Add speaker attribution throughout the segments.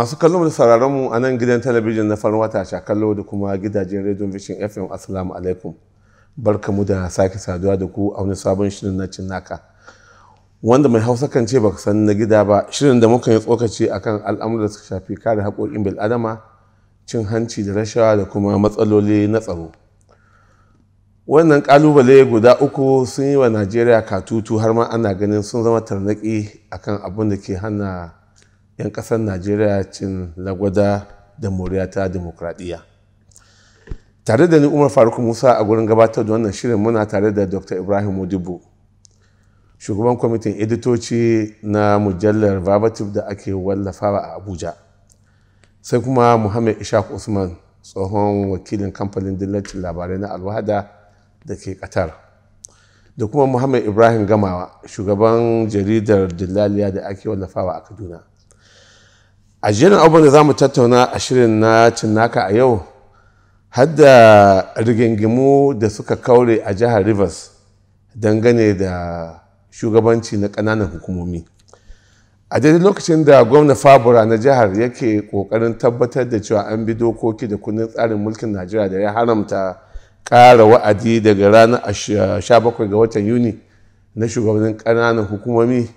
Speaker 1: masu kallon da sauraron mu a nan gidan talabijin na farin wata sha kallo da kuma gidajen radio vision fm assalamu alaikum barkamu da sake saduwa da ku a wani sabon shirin na cin naka wanda mai hausa kan ce baka san na gida ba shirin da muka yi tsokaci akan al'amuran da suka shafi kare haƙoƙin bil'adama cin hanci da rashawa da kuma matsaloli na tsaro wannan kalubale guda uku sun yi wa najeriya katutu har ma ana ganin sun zama tarnaƙi akan abin da ke hana 'yan ƙasar najeriya cin lagwada da moriya ta demokradiyya tare da ni umar faruk musa a gurin gabatar da wannan shirin muna tare da dr ibrahim modibo shugaban kwamitin editoci na mujallar verbative da ake wallafawa a abuja sai kuma muhammad ishaq usman tsohon wakilin kamfanin dillacin labarai na alwahada da ke qatar da kuma muhammad ibrahim gamawa shugaban jaridar dillaliya da ake wallafawa a kaduna a jerin abubuwan da za mu tattauna a shirin na cinnaka a yau hadda rigingimu da suka kaure a jihar rivers dangane da shugabanci na kananan hukumomi a daidai lokacin da gwamna fabura na jihar yake kokarin tabbatar da cewa an bi dokoki da kundin tsarin mulkin najeriya da ya haramta kara wa'adi daga ranar 17 ga watan yuni na shugabannin kananan hukumomi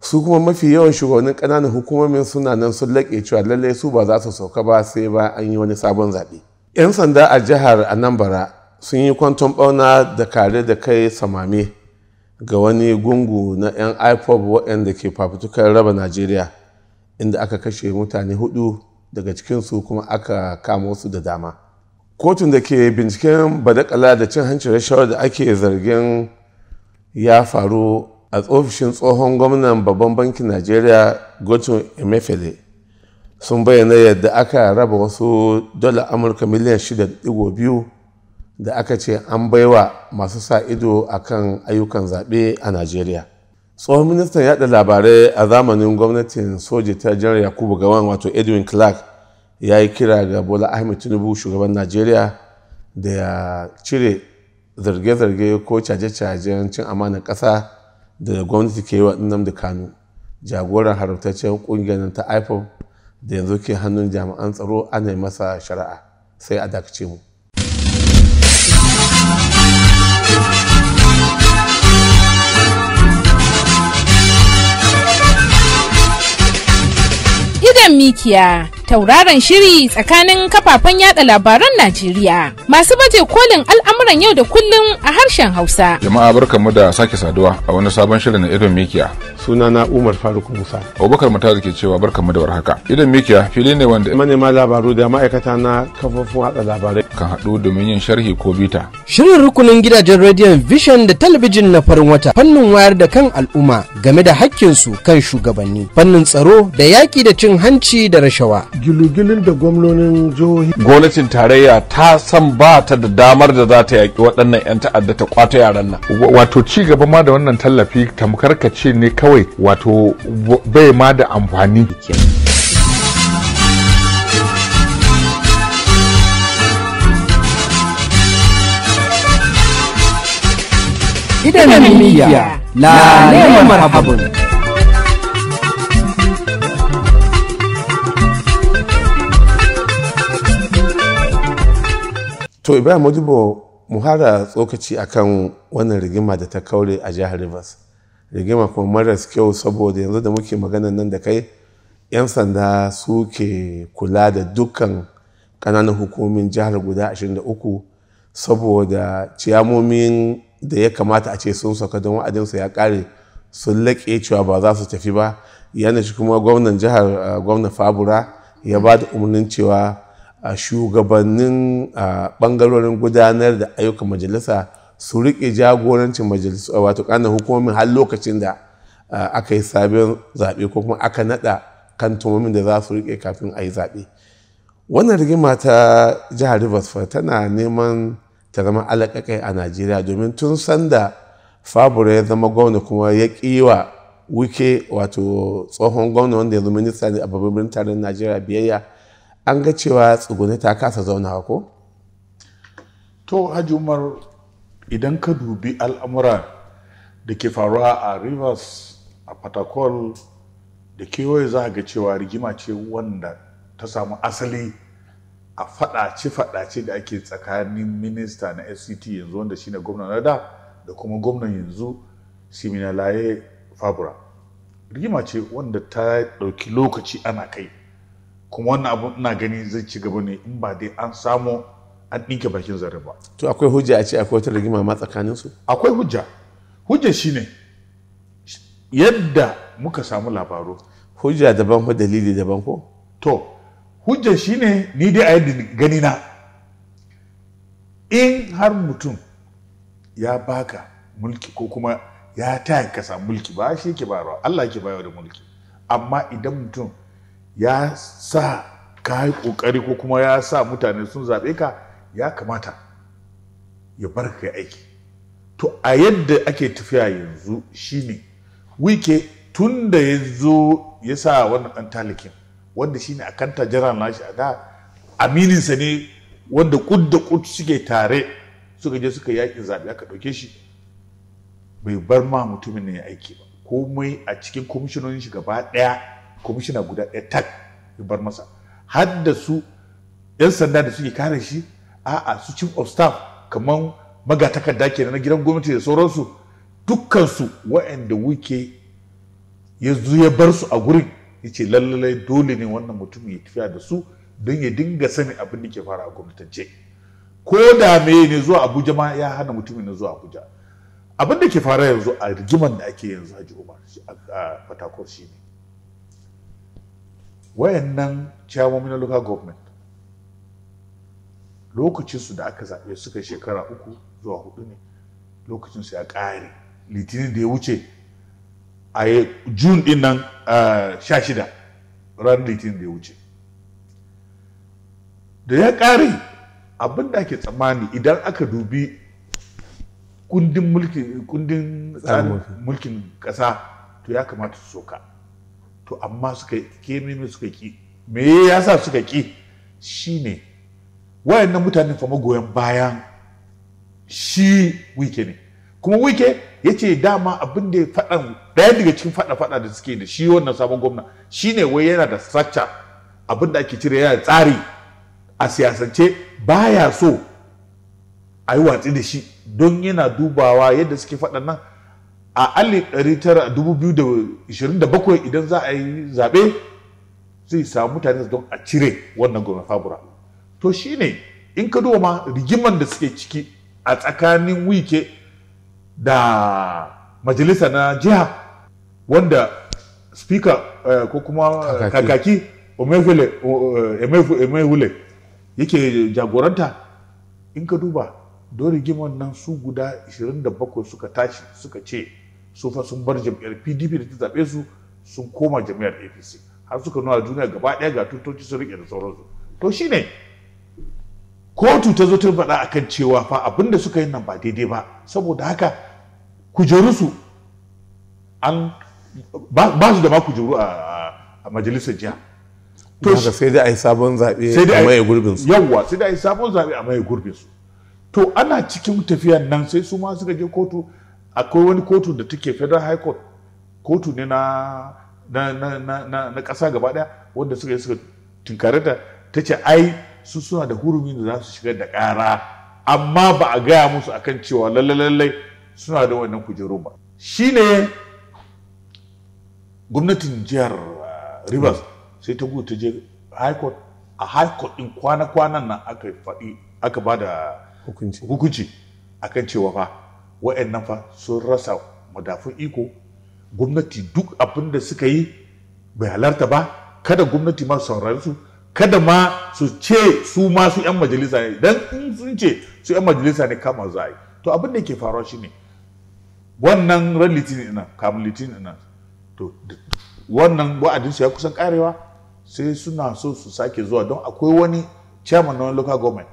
Speaker 1: su kuma mafi yawan shugabannin ƙananan hukumomin suna nan sun laƙe cewa lallai su ba za su sauka ba sai ba an yi wani sabon zaɓe. 'yan sanda a jihar anambra sun yi kwanton ɓauna da kare da kai samame ga wani gungu na 'yan ipob waɗanda ke fafutukar raba najeriya inda aka kashe mutane hudu daga cikinsu kuma aka kama wasu da dama kotun da ke binciken badakala da cin hancin rashawar da ake zargin ya faru a ofishin tsohon gwamnan babban bankin najeriya gotun emefele sun bayyana yadda aka raba wasu dala amurka miliyan 6.2 da aka ce an baiwa masu sa ido a kan ayyukan zaɓe a najeriya tsohon ministan yada labarai a zamanin gwamnatin soja ta janar yakubu gawan wato edwin clark ya yi kira ga bola ahmed tinubu shugaban najeriya da ya cire zarge-zarge ko caje-cajen cin amanar ƙasa da gwamnati ke yi wa da Kanu jagoran haramtaccen kungiyar ta IPOB da yanzu ke hannun jami'an tsaro ana yi masa shari'a sai a dakace mu.
Speaker 2: Idan mikiya tauraron shiri tsakanin kafafen yada labaran Najeriya masu baje kolin al'amuran yau da kullum a harshen Hausa.
Speaker 1: Jama'a mu da sake saduwa a wani sabon shirin na Idon Mikiya. na Umar Faruk Musa. Abubakar da ke cewa barka mu da warhaka. Idon Mikiya fili ne wanda manema labaru da ma'aikata na kafofin hada labarai kan haɗu domin yin sharhi ko bita.
Speaker 3: Shirin rukunin gidajen rediyon Vision da talabijin na farin wata fannin wayar da kan al'umma game da hakkinsu kan shugabanni fannin tsaro da yaƙi da cin hanci da rashawa gilugilin da gwamnonin jihohi
Speaker 4: gwamnatin tarayya ta san ba ta da damar da za ta yaƙi waɗannan 'yan
Speaker 5: ta'adda ta kwato yaran nan wato ci gaba ma da wannan tallafi tamkar ka ce ne kawai wato bai ma da amfani
Speaker 2: idan miliya la ne marhabun
Speaker 1: to ibrahim modibo muhara tsokaci a kan wannan rigima da ta kaure a jihar rivers rigima kuma maras kyau saboda yanzu da muke magana nan da kai 'yan sanda su ke kula da dukkan kananan hukumin jihar guda 23 saboda ciyamomin da ya kamata a ce sun sauka don wa'adinsu ya kare sun laƙe cewa ba za su tafi ba yana shi kuma gwamnan jihar eh, gwamnan fabura ya ba da umarnin cewa a shugabannin bangarorin gudanar da ayyukan majalisa su riƙe jagorancin majalisa wato ƙanan hukumomin har lokacin da aka yi sabon zaɓe ko kuma aka naɗa kan tumomin da za su riƙe kafin a yi zaɓe wannan rigima ta jihar rivers tana neman ta zama alaƙaƙai a najeriya domin tun sanda fabura ya zama gwamna kuma ya wa wike wato tsohon gwamna wanda ya zama minista ne a babban birnin tarayyar najeriya biyayya an ga cewa tsuguni ta kasa zauna ko?
Speaker 5: to hajji umar idan ka dubi al'amura da ke faruwa a rivers a patakol da kewaye za ga cewa rigima ce wanda ta samu asali a faɗace-faɗace da ake tsakanin minista na fct yanzu wanda shine gwamna na da da kuma gwamnan yanzu siminalaye fabra rigima ce wanda ta ɗauki lokaci ana kai kuma wannan abu ina gani zai ci gaba ne in ba dai an samu an ɗinke bakin zare ba
Speaker 1: to akwai hujja a ce akwai wata rigima ma
Speaker 5: tsakanin su akwai hujja hujja shi ne yadda muka samu labaru hujja daban ko dalili daban ko to hujja shi ne. ni dai a yadda gani na in har mutum ya baka mulki ko kuma ya taya ka samu mulki ba shi ke bayarwa Allah ke bayar da mulki amma idan mutum ya sa ka yi ƙoƙari ko kuma ya sa mutane sun zaɓe ka ya kamata ya bar ka aiki to a yadda ake tafiya yanzu shine wike tun da ya zo ya sa wannan ɗan talikin wanda shine a kanta jiran nashi a da amininsa ne wanda ƙud da ƙud suke tare suka je suka yakin zaɓe aka ɗauke shi bai bar ma mutumin ne ya aiki ba komai a cikin kwamishinonin shi gaba ɗaya kwamishina guda ɗaya tak ya bar masa har da su 'yan sanda da suke kare shi a'a su chief of staff kamar magatakarda kenan na gidan gwamnati da sauransu dukkansu wa'anda wuke ya zo ya bar su a gurin ya ce lallai dole ne wannan mutum ya tafiya da su don ya dinga sani abin da ke fara a gwamnatance ko da me ne zuwa abuja ma ya hana mutumin na zuwa abuja abin da ke fara yanzu a rigiman da ake yanzu a umar a fatakwar shi ne wayannan ciyamomi na local government lokacinsu da aka zaɓe suka shekara uku zuwa hudu ne lokacinsu ya ƙare litinin da ya wuce a jun din nan sha shida ran litinin da ya wuce da ya ƙare abin da ake tsammani idan aka dubi kundin Kundin mulkin ƙasa to ya kamata su soka to amma suka ke kememe suka ki me ya sa suka ki Shi ne. wayannan mutane fama goyon bayan shi wike ne kuma wike ya ce dama abin da ya faɗan, ɗaya daga cikin faɗa-faɗa da suke da shi wannan sabon gwamna shi ne wai yana da sacha, abin da ake cire yana tsari a siyasance baya so a yi watsi da shi don yana dubawa yadda suke faɗan nan a alif alli bakwai idan za a yi zaɓe zai samu mutane don a cire wannan gwamnati fabura to ne in ka duba ma rigiman da suke ciki a tsakanin wike da majalisa na jiha wanda speaker eh, ko kuma eh, kakaki eh, emefule yake jagoranta in ka duba don rigiman nan su guda 27 suka tashi suka ce su fa sun bar jam'iyyar pdp da ta zaɓe su sun koma jami'ar apc har suka nuna duniya gaba ɗaya ga tutoci sun riƙe da sauransu to shine kotu ta zo ta faɗa akan cewa fa abin da suka yi nan ba daidai ba saboda haka kujeru su an ba su da ma kujeru a majalisar jiya. to sai dai a yi sabon zaɓe a maye gurbinsu yawwa sai dai a yi sabon zaɓe a maye gurbinsu to ana cikin tafiyan nan sai su ma suka je kotu akwai wani kotu da take federal high court kotu ne na na na na na ƙasa gaba daya wanda suka yi suka tinkare ta ta ce ai su suna da hurumi da za su shiga da ƙara amma ba a gaya musu akan cewa lallai suna da wannan kujeru ba shine gwamnatin jihar uh, rivers sai ta gudu ta je high court a high court din kwana-kwanan nan aka faɗi aka ba da hukunci akan cewa fa wa'annan fa sun rasa madafun iko gwamnati duk abin da suka yi bai halarta ba kada gwamnati ma saurari su kada ma su ce su ma su 'yan majalisa ne idan in sun ce su 'yan majalisa ne kama za a yi to abin da ke faruwa ne. wannan ran litinin nan kamun litinin nan to wannan wa'adinsu ya kusan karewa sai suna so su sake zuwa don akwai wani chairman na local government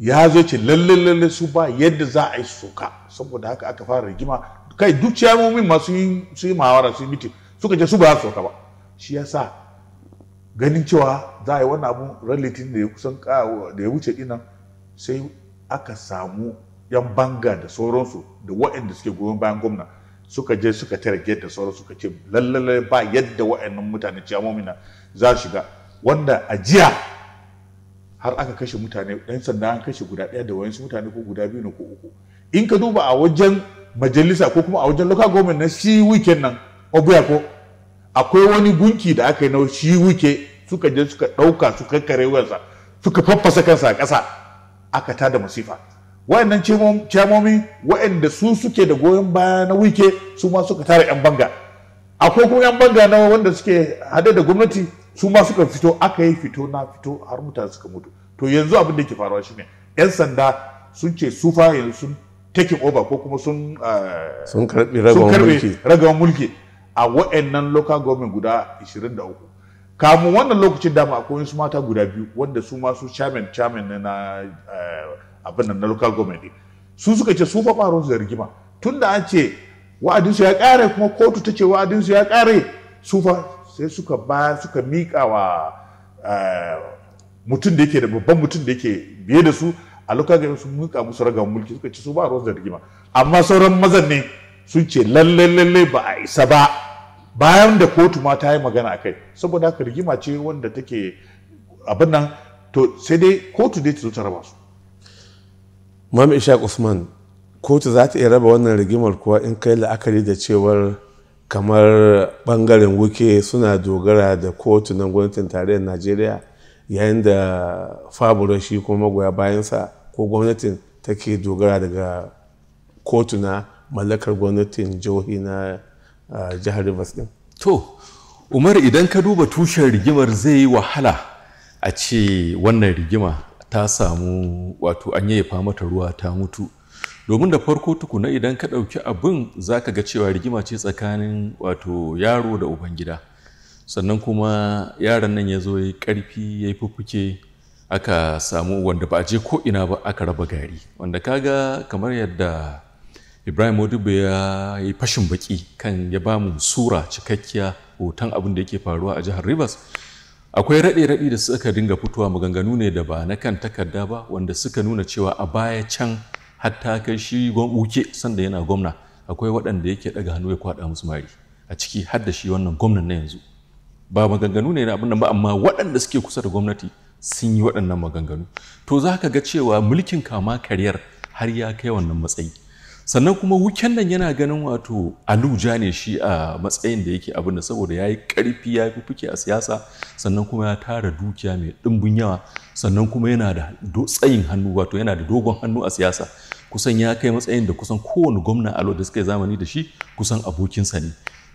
Speaker 5: ya zo ce lalle lalle su ba yadda za a yi suka saboda haka aka fara rigima kai duk ciyamomin ma su yi mawara su yi mitin suka ce su ba su soka ba shi ya sa ganin cewa za a yi wannan abun ran da ya kusan da ya wuce dinan sai aka samu yan banga da sauransu da waɗanda suke goyon bayan gwamna suka je suka tara gate da sauransu suka ce lallale ba yadda waɗannan mutane ciyamomin za su shiga wanda a jiya har aka kashe mutane ɗan sanda an kashe guda ɗaya da wayansu mutane ko guda biyu ne ko uku in ka duba a wajen majalisa ko kuma a wajen local government na shi weekend nan obuya ko akwai wani gunki da aka yi na shi wike suka je suka ɗauka suka kare wuyarsa suka faffasa kansa a ƙasa aka da masifa wayannan ciyamomi wayanda su suke da goyon baya na wike su ma suka tara yan banga akwai kuma yan banga na wanda suke hade da gwamnati su ma suka fito aka yi fito na fito har mutane suka mutu to yanzu abin da ke faruwa shine yan sanda sun ce su fa yanzu sun take over ko kuma sun eh, sun karbi ragawan mulki a wa'annan local government guda 23 kamun wannan lokacin dama akwai wasu mata guda biyu wanda su ma su chairman chairman na eh, abin na local government din su suka ce su fa faruwar su da rigima tunda an ce wa'adinsu ya kare kuma kotu ta ce wa'adinsu ya kare su fa sai suka ba suka miƙa wa eh, mutum da yake da babban mutum da yake biye da su a lokacin sun miƙa musu raga mulki suka ci su ba ruwan da rigima amma sauran mazan ne sun ce lallai lalle ba a isa ba bayan da kotu ma ta yi magana akai saboda haka rigima ce wanda take abin nan to sai dai kotu dai ta zo ta raba su
Speaker 1: Mami Ishaq Usman kotu za ta iya raba wannan rigimar kuwa in kai la'akari da cewar kamar bangaren wuke suna dogara da kotunan gwamnatin tarayyar najeriya yayin da fabura shi kuma magoya bayansa ko gwamnatin take dogara daga kotuna mallakar gwamnatin jihohi na jihar rivers
Speaker 4: din to umar idan ka duba tushen rigimar zai yi wahala a ce wannan rigima ta samu wato an yi fama mata ruwa ta mutu domin da farko tukuna idan ka ɗauki abin za ka ga cewa rigima ce tsakanin wato yaro da ubangida sannan kuma yaron nan ya zo ya ƙarfi ya yi fuffuke aka samu wanda ba a je ko'ina ina ba aka raba gari wanda kaga kamar yadda ibrahim odube ya yi fashin baki kan ya ba mu sura cikakkiya hoton abin da yake faruwa a jihar rivers akwai raɗe-raɗe da suka dinga fitowa maganganu ne da ba na kan takarda ba wanda suka nuna cewa a baya can hatta kai shi uke sanda yana gwamna akwai waɗanda yake daga hannu ya kwaɗa musu mari a ciki har da shi wannan gwamnan na yanzu ba maganganu ne na abin nan ba amma waɗanda suke kusa da gwamnati sun yi waɗannan maganganu to za ka ga cewa mulkin kama karyar har ya kai wannan matsayi sannan kuma wuken nan yana ganin wato aluja ne shi a matsayin da yake abin da saboda ya yi karfi ya fi fuke a siyasa sannan kuma ya tara dukiya mai ɗimbin yawa sannan kuma yana da tsayin hannu wato yana da dogon hannu a siyasa kusan ya kai matsayin da kusan kowane gwamna alo da suka yi zamani da shi kusan abokinsa ne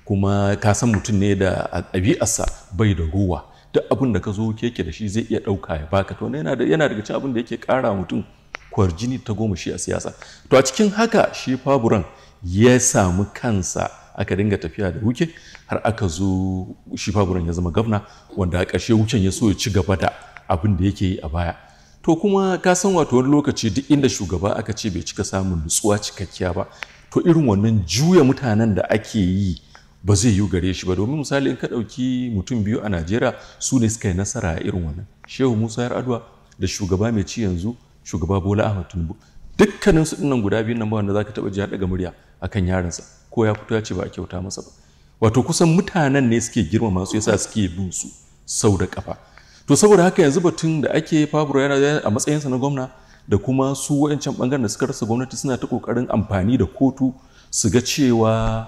Speaker 4: kuma ka san mutum ne da ɗabi'arsa bai da ruwa duk abin da ka zo keke da shi zai iya ɗauka ya baka to yana daga cin abin da yake ƙara mutum kwarjini ta goma shi a siyasa to a cikin haka shi faburan ya samu kansa aka dinga tafiya da wuke har aka zo shi faburan ya zama gwamna wanda a ƙarshe wucen ya so ya ci gaba da abin da yake yi a baya to kuma ka san wato wani lokaci duk inda shugaba aka ce bai cika samun nutsuwa cikakkiya ba to irin wannan juya mutanen da ake yi ba zai yi gare shi ba domin misali in ka ɗauki mutum biyu a najeriya su ne suka yi nasara a irin wannan shehu musa yar yar'adua da shugaba mai ci yanzu shugaba bola ahmad tinubu dukkanin su dinnan guda biyu nan ba wanda zaka taɓa ji daga murya akan yaransa ko ya fito ya ce ba a kyauta masa ba wato kusan mutanen ne suke girmama su yasa suke bin su sau da kafa to saboda haka yanzu batun da ake fabro yana a matsayinsa na gwamna da kuma su wayancan bangaren da suka rasa gwamnati suna ta kokarin amfani da kotu su ga cewa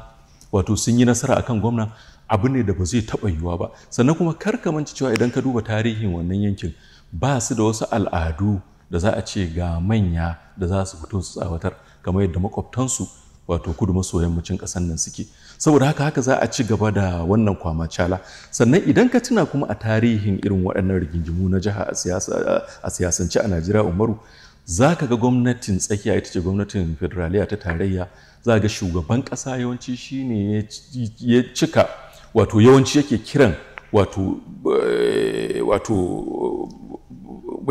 Speaker 4: wato sun yi nasara akan gwamna abu ne da ba zai taɓa yiwuwa ba sannan kuma kar ka manci cewa idan ka duba tarihin wannan yankin ba su da wasu al'adu da za a ce ga manya da za su fito su tsawatar kamar yadda makwabtansu wato kudu maso yammacin ƙasar nan suke saboda haka haka za a ci gaba da wannan kwamacala sannan idan ka tuna kuma a tarihin irin waɗannan rigingimu na jiha a siyasance a najeriya umaru za ka ga gwamnatin tsakiya ita ce gwamnatin federaliya ta tarayya za ga shugaban ƙasa yawanci shine ya cika wato yawanci yake kiran wato eh,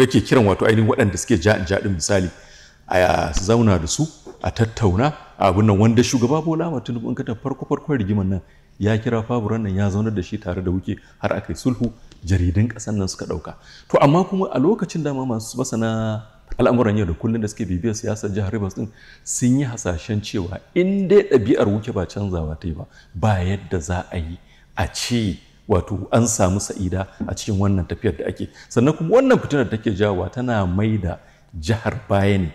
Speaker 4: yake kiran wato ainihin waɗanda suke jaɗin misali a zauna da su a tattauna abin nan wanda shugaba bola ma tunubu in ka farko farkon rigimar nan ya kira faburan nan ya zaunar da shi tare da wuke har aka yi sulhu jaridun ƙasar nan suka ɗauka to amma kuma a lokacin dama masu masana al'amuran yau da kullum da suke bibiyar siyasar jihar Rivers din sun yi hasashen cewa in dai ɗabi'ar wuke ba canzawa ta yi ba ba yadda za a yi a ce wato an samu sa'ida a cikin wannan tafiyar da ake sannan kuma wannan fitinar da take jawo tana mai da jihar baya ne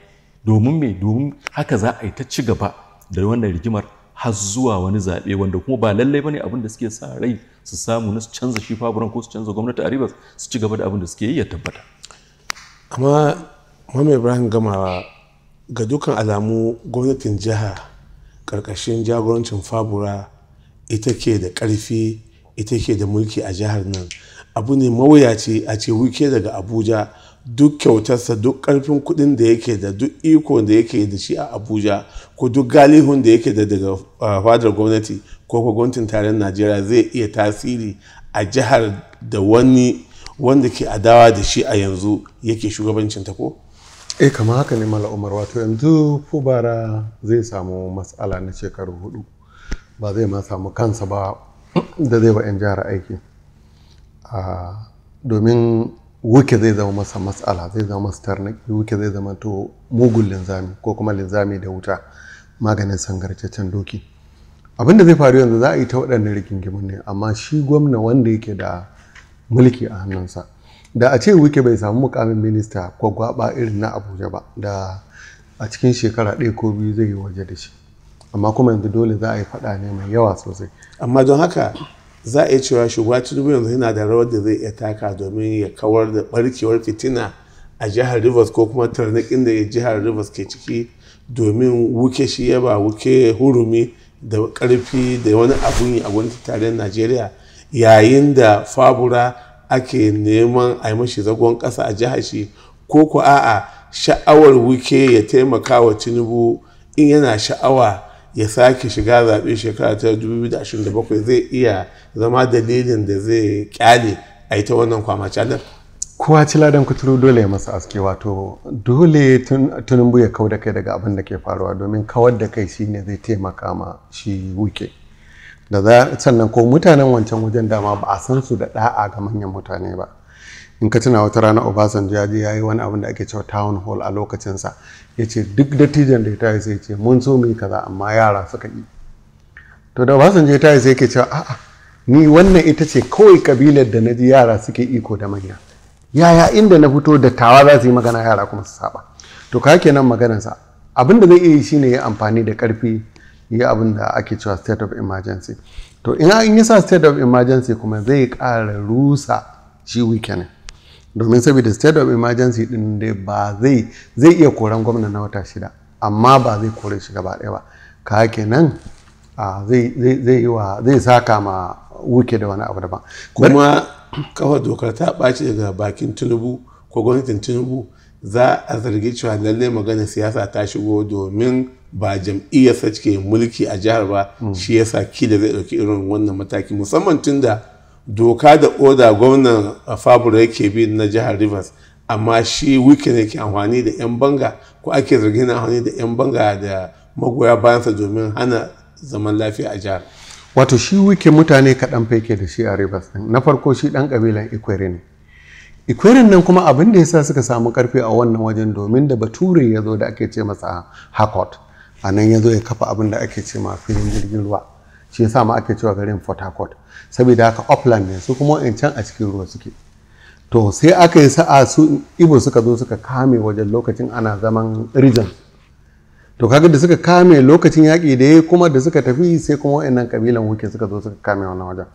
Speaker 4: domin me domin haka za a yi ta ci gaba da wannan rigimar har zuwa wani zaɓe wanda kuma ba lallai bane abin da suke sa rai su samu na su canza shi faburan ko su canza gwamnati a ribas su ci gaba da abin da suke yi ya tabbata
Speaker 1: amma mamaye ibrahim gamawa ga dukkan alamu gwamnatin jiha karkashin jagorancin fabura ita ke da ƙarfi ita ke da mulki a jihar nan abu ne mawuyaci a ce wuke daga abuja duk kyautarsa duk karfin kuɗin da yake da duk iko da yake da shi a abuja ko duk galihun da yake da daga ah, fadar gwamnati ko gwamnatin tarayyar najeriya zai iya tasiri a jihar da wani wanda ke adawa da shi a yanzu yake shugabancin ta ko
Speaker 3: eh kamar haka ne mala umar wato yanzu fubara zai samu matsala na shekaru hudu ba zai ma samu kansa ba da zai ba 'yan jihar aiki ah, domin wuke zai zama masa matsala zai zama masa tarnaki wuke zai zama to mugun linzami ko kuma linzami da wuta maganin sangarcaccen doki abin da zai faru yanzu za a yi ta waɗannan rigingimin ne amma shi gwamna wanda yake da mulki a hannunsa da a ce Wuke bai samu mukamin minista gwagwaba irin na abuja ba da a cikin shekara ɗaya ko biyu zai yi waje da shi amma kuma yanzu dole za a yi faɗa ne mai yawa sosai amma don haka
Speaker 1: za a iya cewa shugaba tinubu yanzu yana da rawar da zai iya taka domin ya kawar da barkewar fitina a jihar rivers ko kuma tarnakin da jihar rivers ke ciki domin wuke shi ya ba wuke hurumi da karfi da wani abun yi a gwamnatin tarayyar najeriya
Speaker 4: yayin
Speaker 1: da fabura ake neman a yi mashi zagon ƙasa a jihar shi ko ku a'a sha'awar wuke ya taimaka wa tinubu in yana sha'awa ya sake shiga zaɓe shekara ta 2027 zai iya zama dalilin da zai kyale a ita wannan canar?
Speaker 4: kowa ci
Speaker 3: ladan kuturu dole ya masa aske wato dole tunumbu ya kau da kai daga abin da ke faruwa domin kawar da kai shi ne zai taimaka ma shi wuke da za sannan ko mutanen wancan wajen dama ba a san su da da'a ga manyan mutane ba in ka tuna wata rana obasanjo ya je ya yi wani abin da ake cewa town hall a lokacinsa ya ce duk dattijan da ya tayi sai ce mun so mu kaza amma yara suka yi to da Obasanjo je tayi sai yake cewa a'a ni wannan ita ce kawai kabilar da na ji yara suke iko da manya yaya inda na fito da tawa za su yi magana yara kuma su saba to ka kenan maganarsa abin da zai iya yi shine ya amfani da karfi ya abin da ake cewa state of emergency to in yi sa state of emergency kuma zai ƙara rusa shi weekend domin saboda state of emergency din da ba zai zai iya koran gwamna na wata shida amma ba zai kore shi gaba ɗaya ba ka kenan zai yi wa zai saka ma wuke da wani abu daban kuma kafa dokar ta ɓaci daga bakin tinubu
Speaker 1: ko gwamnatin tinubu za a zargi cewa lalle magana siyasa ta shigo domin ba jam'iyyarsa cike mulki a jihar ba hmm. shi yasa kila zai ɗauki irin wannan mataki musamman tun da doka da oda gwamnan fabula yake bi na jihar rivers amma shi wikin ke amfani da 'yan banga ko ake zargin amfani da 'yan banga da magoya bayansa domin hana zaman lafiya a jihar
Speaker 3: wato shi wikin mutane kaɗan fake da shi a rivers na farko shi ɗan ƙabilan ikwere ne ikwerin nan kuma abin da ya sa suka samu karfi a wannan wajen domin da bature ya zo da ake ce masa hakot a nan ya zo ya kafa abin da ake ce ma filin jirgin ruwa shi yasa ma ake cewa garin Port Harcourt saboda haka upland ne su kuma in can a cikin ruwa suke to sai aka yi sa'a su ibo suka zo suka kame wajen lokacin ana zaman region to kaga da suka kame lokacin yaƙi da yayi kuma da suka tafi sai kuma wayannan kabilan wuke suka zo suka kame wannan wajen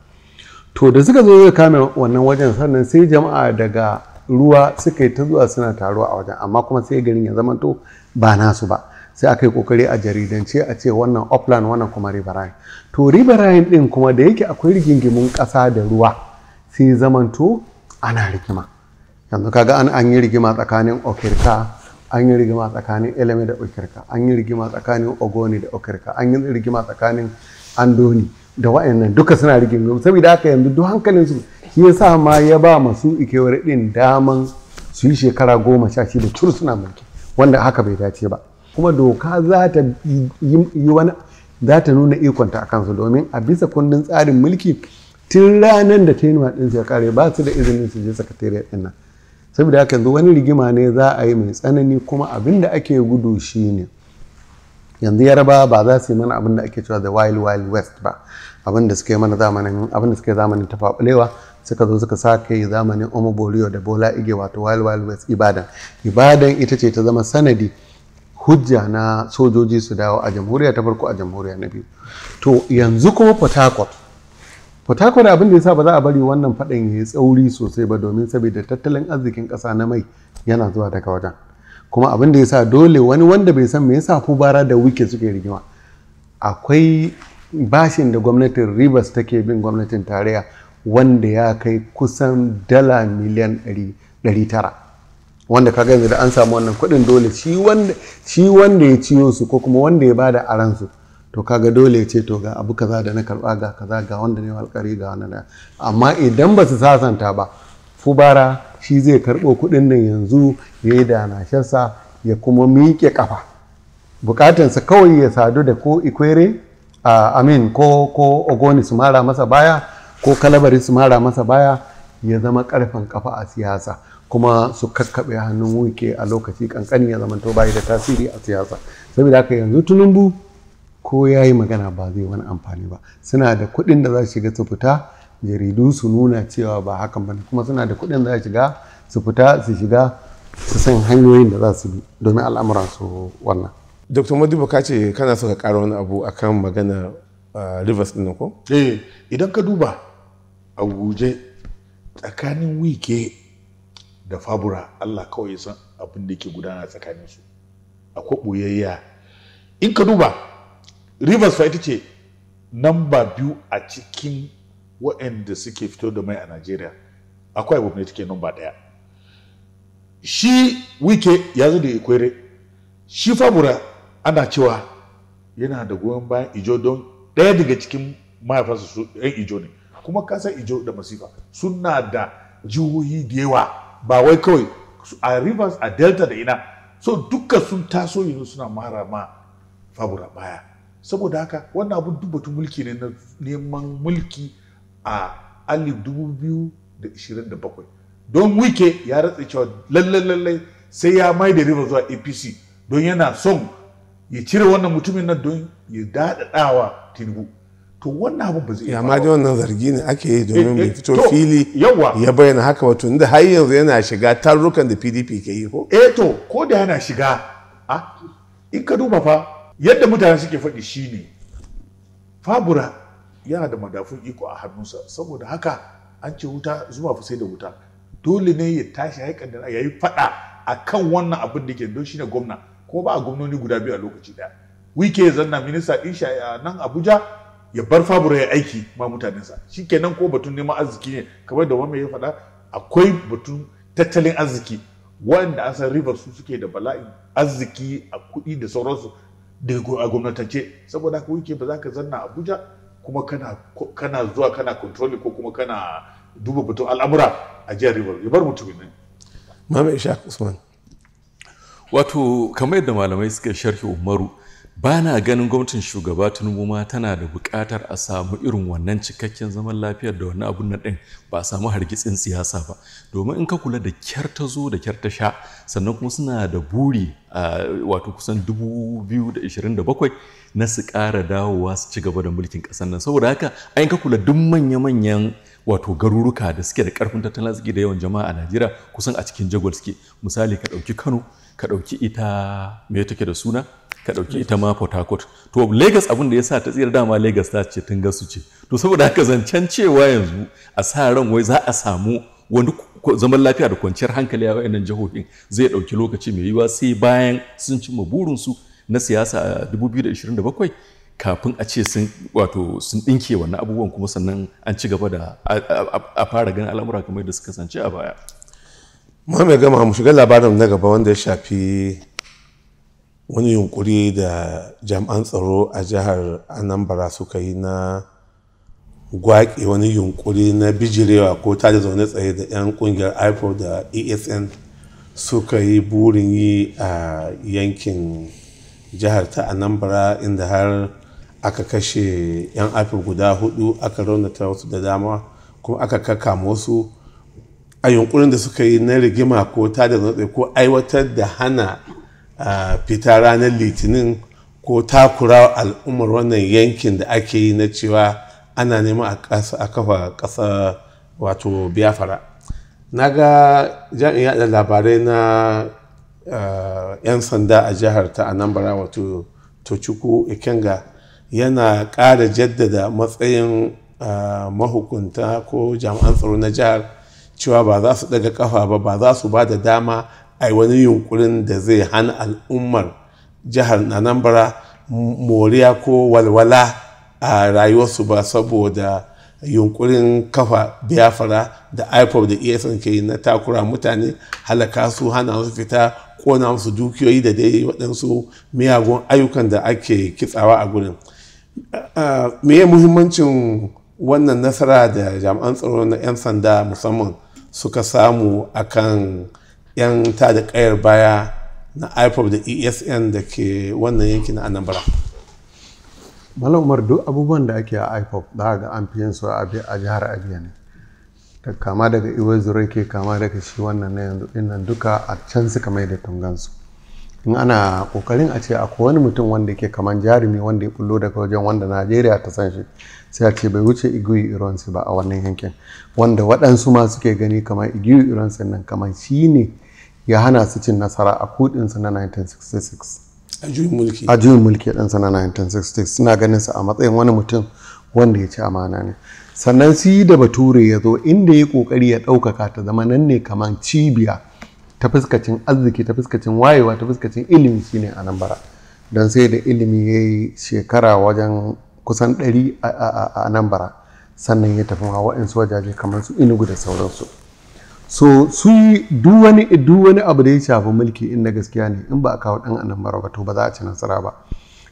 Speaker 3: to da suka zo suka kame wannan wajen sannan sai jama'a daga ruwa suka yi ta zuwa suna taruwa a wajen amma kuma sai garin ya zamanto ba nasu ba sai aka yi kokari a jaridance a ce wannan upland wannan kuma river to river din kuma da yake akwai rigingimun ƙasa da ruwa sai zamanto ana rigima yanzu kaga an an yi rigima tsakanin okirka an yi rigima tsakanin eleme da okirka an yi rigima tsakanin ogoni da okirka an yi rigima tsakanin andoni da wa'annan duka suna rigingimu saboda haka yanzu duk hankalinsu shi yasa ma ya ba masu ikewar din daman su yi shekara goma sha shida cur suna mulki wanda haka bai dace ba kuma doka za ta yi wani za ta nuna ikonta a kansu domin a bisa kundin tsarin mulki tun ranar da ta yi ɗin shekaru ya kare ba su da izinin su je sakatariya ɗin nan saboda haka yanzu wani rigima ne za a yi mai tsanani kuma abin da ake gudu shi ne yanzu yaraba ba za su yi mana abin da ake cewa the wild wild west ba abin da suke mana zamanin abin da suke zamanin tafaɓalewa suka zo suka sake yi zamanin omo da bola ige wato wild wild west ibadan ibadan ita ce ta zama sanadi hujja na sojoji su dawo a jamhuriya ta farko a jamhuriya na biyu to yanzu kuma port harcourt port abin da ya sa ba za a bari wannan faɗin ya yi tsauri sosai ba domin saboda tattalin arzikin ƙasa na mai yana zuwa daga wajen kuma abin da ya sa dole wani wanda bai san me yasa bara da wike suke rigima akwai bashin da gwamnatin rivers take bin gwamnatin tarayya wanda ya kai kusan dala miliyan 900 wanda ka yanzu da an samu wannan kuɗin dole shi wanda ya ciyo su ko kuma wanda ya bada aran su to kaga dole ya ce to ga abu kaza da na karba ga kaza ga wanda ne alƙari ga wannan da amma idan ba su sasanta ba fubara shi zai karɓo kuɗin nan yanzu ya yi da danashensa ya kuma miƙe ƙafa bukatansa kawai ya sadu da ko ikwere amin ko ko ogoni su mara masa baya ko kalabari su mara masa baya ya zama ƙarfin ƙafa a siyasa kuma su kakkaɓe hannun wuke a lokaci kankani ya zamanto bayi da tasiri a siyasa saboda haka yanzu tunumbu ko ya yi magana ba zai wani amfani ba suna da kuɗin da za su shiga su fita jaridu su nuna cewa ba hakan ba kuma suna da kuɗin da za su shiga su fita su shiga su san hanyoyin da za su bi domin al'amuran su wannan dr maduba
Speaker 1: ka ce kana suka ka ƙara wani abu akan magana rivers ɗin ko eh idan ka
Speaker 5: duba a guje tsakanin wike da fabura Allah kawai ya san abin da yake gudana tsakanin su akwai ɓoyayya in ka duba rivers fa ita ce namba biyu a cikin waɗanda suke fito da mai a Najeriya akwai gwamnati take namba ɗaya shi wike ya zo da ikwere shi fabura ana cewa yana da goyon bayan ijo don ɗaya daga cikin mahaifarsa su ɗan ijo ne kuma kasa ijo da masifa suna da jihohi da yawa ba wai kawai a rivers a delta da ina so dukkan sun taso yanzu suna mara ma fabura baya saboda haka wannan abun dubbatu mulki ne na neman mulki a 2027 don wike ya ratsa cewa lallai-lallai sai ya mai da rivers zuwa apc don yana son ya cire wannan mutumin nan don ya daɗaɗawa tinubu to wannan abu ba zai ya ma wannan zargi ne ake yi
Speaker 1: domin eh, eh, bai fito fili ya bayyana haka wato inda har yanzu yana shiga tarukan
Speaker 5: da pdp ke yi ko eh to ko da yana shiga a ah, in ka duba fa yadda mutane suke faɗi shine fabura yana da madafun iko a hannunsa saboda haka an ce wuta zuwa fa sai da wuta dole ne ya tashi haikan da yayi faɗa a kan wannan abin da ke don shine gwamna ko ba a gwamnoni guda biyu a lokaci daya wike zanna minista a nan abuja ya bar fabura ya aiki ma mutanensa kenan ko batun neman arziki ne kamar da wani ya faɗa akwai batun tattalin arziki wanda an san ribar su suke da bala'in arziki a kuɗi da sauransu da a gwamnatance saboda haka wuke ba za ka zanna abuja kuma kana kana zuwa kana controlling ko kuma kana duba batun al'amura a jihar ribar ya bar mutumin nan
Speaker 4: mamaye ishaq usman wato kamar yadda malamai suka sharhi umaru ba na ganin gwamnatin shugaba tinubu ma tana da bukatar a samu irin wannan cikakken zaman lafiyar da wani abun nan ɗin ba a samu hargitsin siyasa ba domin in ka kula da kyar ta zo da kyar ta sha sannan kuma suna da buri a wato kusan 2027 na su kara dawowa su ci gaba da mulkin ƙasar nan saboda haka an ka kula duk manya-manyan wato garuruka da suke da ƙarfin tattalin arziki da yawan jama'a a najeriya kusan a cikin jagwal suke misali ka ɗauki kano ka ɗauki ita me take da suna ka ɗauki ita ma port harcourt to lagos abin da ya sa ta tsira dama Legas ta ce tun gasu ce to saboda haka zancen cewa yanzu a sa ran wai za a samu wani zaman lafiya da kwanciyar hankali a wayannan jihohin zai ɗauki lokaci mai yiwuwa sai bayan sun cimma burinsu na siyasa a 2027 kafin a ce sun wato sun ɗinke wannan abubuwan kuma sannan an ci gaba da a fara ganin al'amura kamar da suka kasance a baya mai
Speaker 1: gama mu shiga labarin na gaba wanda ya shafi wani yunkuri da jami'an tsaro a jihar anambra suka yi na gwaƙe wani yunkuri na bijirewa ko ta da zaune tsaye da 'yan ƙungiyar ipod da esn suka yi burin yi a yankin jihar ta anambra inda har aka kashe 'yan ipod guda hudu aka raunata wasu da dama kuma aka kaka wasu a yunkurin da suka yi na rigima ko ta da zaɓe ko aiwatar da hana fita ranar litinin ko takura al'ummar wannan yankin da ake yi na cewa ana nema a kafa ƙasa wato biafra na ga jami'in yada labarai na 'yan sanda a jihar ta anambra wato tochukwu ikenga yana ƙara jaddada matsayin mahukunta ko jami'an tsaro na jihar cewa ba za su daga kafa ba ba za su ba da dama a wani yunkurin da zai hana al'ummar jihar anambra moriya ko walwala a rayuwarsu ba saboda yunkurin kafa biafra da ipod da esn ke na takura mutane halaka su hana su fita kona musu dukiyoyi da dai waɗansu miyagun ayyukan da ake kitsawa a gurin me muhimmancin wannan nasara da jami'an tsaro na 'yan sanda musamman suka samu a kan 'yan tada kayar baya na ipob da esn da ke wannan yankin na anambra
Speaker 3: malam umar duk abubuwan da ake a ipob za ga an fi su a jihar abia ne kama daga iwazure ke kama daga shi wannan na yanzu dinnan duka a can suka mai da tungansu in ana kokarin a ce akwai wani mutum wanda ke kamar jarumi wanda ya kullo daga wajen wanda najeriya ta san shi sai a ce bai wuce igiyu iransu ba a wannan yankin wanda waɗansu ma suke gani kamar igiyu iransu nan kamar shi ne ya hana su cin nasara a kudinsu na 1966
Speaker 1: a juyin mulki
Speaker 3: ɗansa na 1966 suna ganin su a matsayin wani mutum wanda ya ci amana ne sannan si da bature ya zo inda ya kokari ya ɗaukaka ta zama nan ne kamar cibiya ta fuskacin arziki ta fuskacin wayewa ta fuskacin ilimi shine a nan bara don sai da ilimi ya yi shekara wajen kusan ɗari a nan bara sannan ya tafi ma waɗansu wajaje kamar su inugu da sauransu so su yi duwani duwani abu da ya shafi mulki in na gaskiya ne in ba a kawo ɗan anambara ba to ba za a ci nasara ba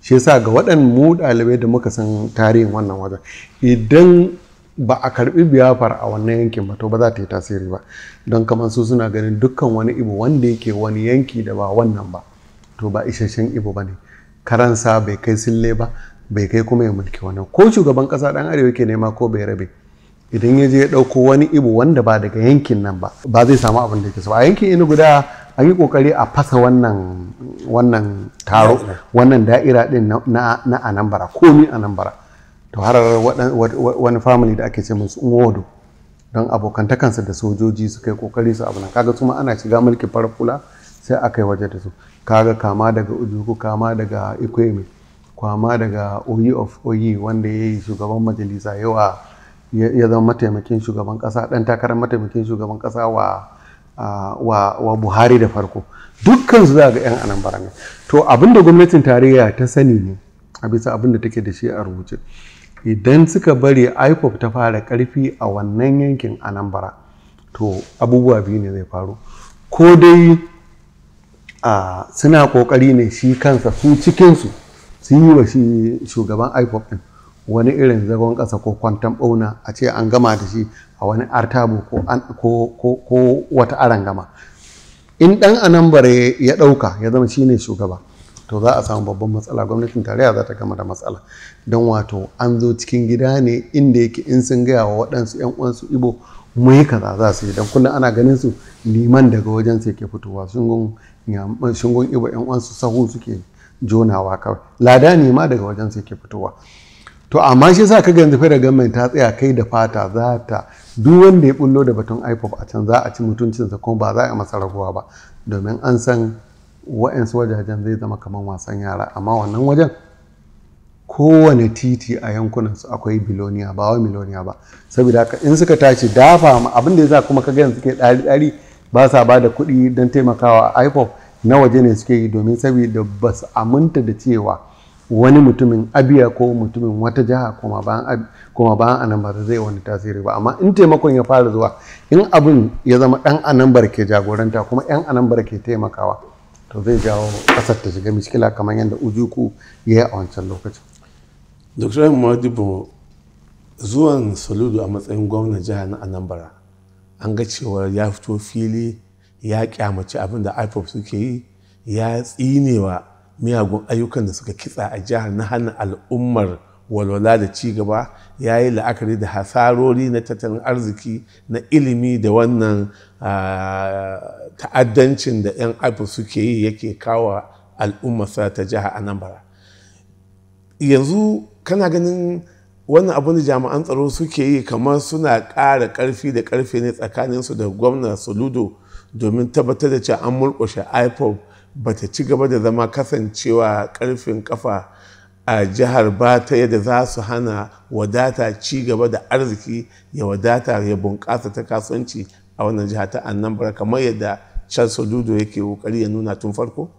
Speaker 3: shi yasa ga waɗannan mu ɗalibai da muka san tarihin wannan wajen idan ba a karɓi biyafar a wannan yankin ba to ba za ta yi tasiri ba don kamar su suna ganin dukkan wani ibo wanda yake wani yanki da ba wannan ba to ba isasshen ibo ba ne karansa bai kai sille ba bai kai kuma ya mulki wani. ko shugaban kasa dan arewa yake nema ko bai rabe idan ya je ya dauko wani ibo wanda ba daga yankin nan ba ba zai samu abin da yake so a yankin ina guda an yi kokari a fasa wannan wannan taro wannan da'ira din na na anambra komi anambra to har wani family da ake ce musu nwodo don abokantakansa da sojoji suka yi kokari su abin kaga su ana shiga mulki farfula sai aka yi waje da su kaga kama daga ujuku kama daga ikwemi kwama daga oyi e of oyi e wanda ya yi shugaban majalisa yawa ya zama mataimakin shugaban kasa dan takarar mataimakin shugaban kasa wa wa buhari da farko dukkan su za ga yan anambra ne to abinda gwamnatin tarayya ta sani ne a bisa abinda take da shi a rubuce idan suka bari ipop ta fara karfi a wannan yankin anambra to abubuwa biyu ne zai faru ko dai suna kokari ne shi kansa su cikinsu su yi wa shi shugaban ipop din wani irin zagon kasa ko kwantan ɓauna a ce an gama da shi a wani artabu ko wata gama. in dan ɗan bare ya ɗauka ya zama shi ne shugaba to za a samu babban matsala gwamnatin tarayya za ta gama da matsala don wato an zo cikin gida ne inda yake in sun gaya wa waɗansu 'yan uwansu ibo mu yi kaza za su yi don kullum ana ganin su liman daga wajen su yake fitowa shingun ibo 'yan uwansu sahu suke yi jonawa kawai lada ne ma daga wajen sai ke fitowa to amma shi sa kaga yanzu fara government ta tsaya kai da fata za ta duk wanda ya bullo da batun ipop a can za a ci mutuncinsa kuma ba za a masa raguwa ba domin an san wa'ansu wajajen zai zama kamar wasan yara amma wannan wajen kowane titi a yankunan su akwai biloniya ba wai miloniya ba saboda haka in suka tashi dafa abin da ya sa kuma kaga yanzu ke ɗari ɗari ba sa ba da kuɗi don taimakawa ipop na waje ne suke yi domin saboda ba su aminta da cewa wani mutumin abiya ko mutumin wata jiha kuma nan anambar zai wani tasiri ba amma in taimakon ya fara zuwa in abin ya zama dan anambar ke jagoranta kuma yan anambar ke taimakawa to zai jawo kasar ta shiga miskila kamar yadda ujuku ya yi a wancan lokacin
Speaker 1: dr madibo zuwan saludu a matsayin gwamnan jihar na anambra an ga cewa ya fito fili ya kyamaci abin da IPOP suke yi ya tsinewa miyagun ayyukan da suka kitsa a jihar na hana al'ummar walwala da cigaba ya yi la'akari da hasarori na tattalin arziki na ilimi da wannan ta'addancin da 'yan IPOP suke yi yake kawo al'ummarsa ta jihar anambra yanzu kana ganin wannan abin da jami'an tsaro suke yi kamar suna ƙara ƙarfi da karfe ne tsakaninsu da gwamna soludo domin tabbatar da cewa an mulkushe ipob ba ta ci gaba da zama kasancewa karfin kafa a jihar ba ta yadda za su hana wadata ci gaba da arziki ya wadata ya bunƙasa ta kasuwanci a wannan jiha ta anambra kamar yadda charles dudu yake kokari ya nuna tun farko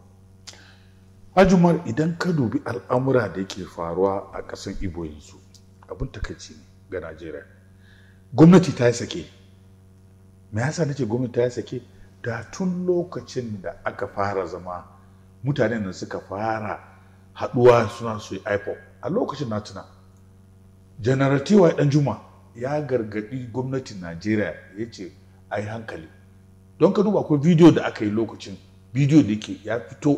Speaker 5: ajumar idan ka dubi al'amura da yake faruwa a ƙasar ibo yanzu abin takaici ne ga najeriya gwamnati ta yi sake me yasa ce gwamnati ta yi sake da tun lokacin da aka fara zama mutanen da suka fara haɗuwa suna su yi ipop a lokacin na tuna janaratiwa dan juma ya gargaɗi gwamnatin najeriya ya ce a yi hankali don ka duba akwai bidiyo da aka yi lokacin bidiyo da ke ya fito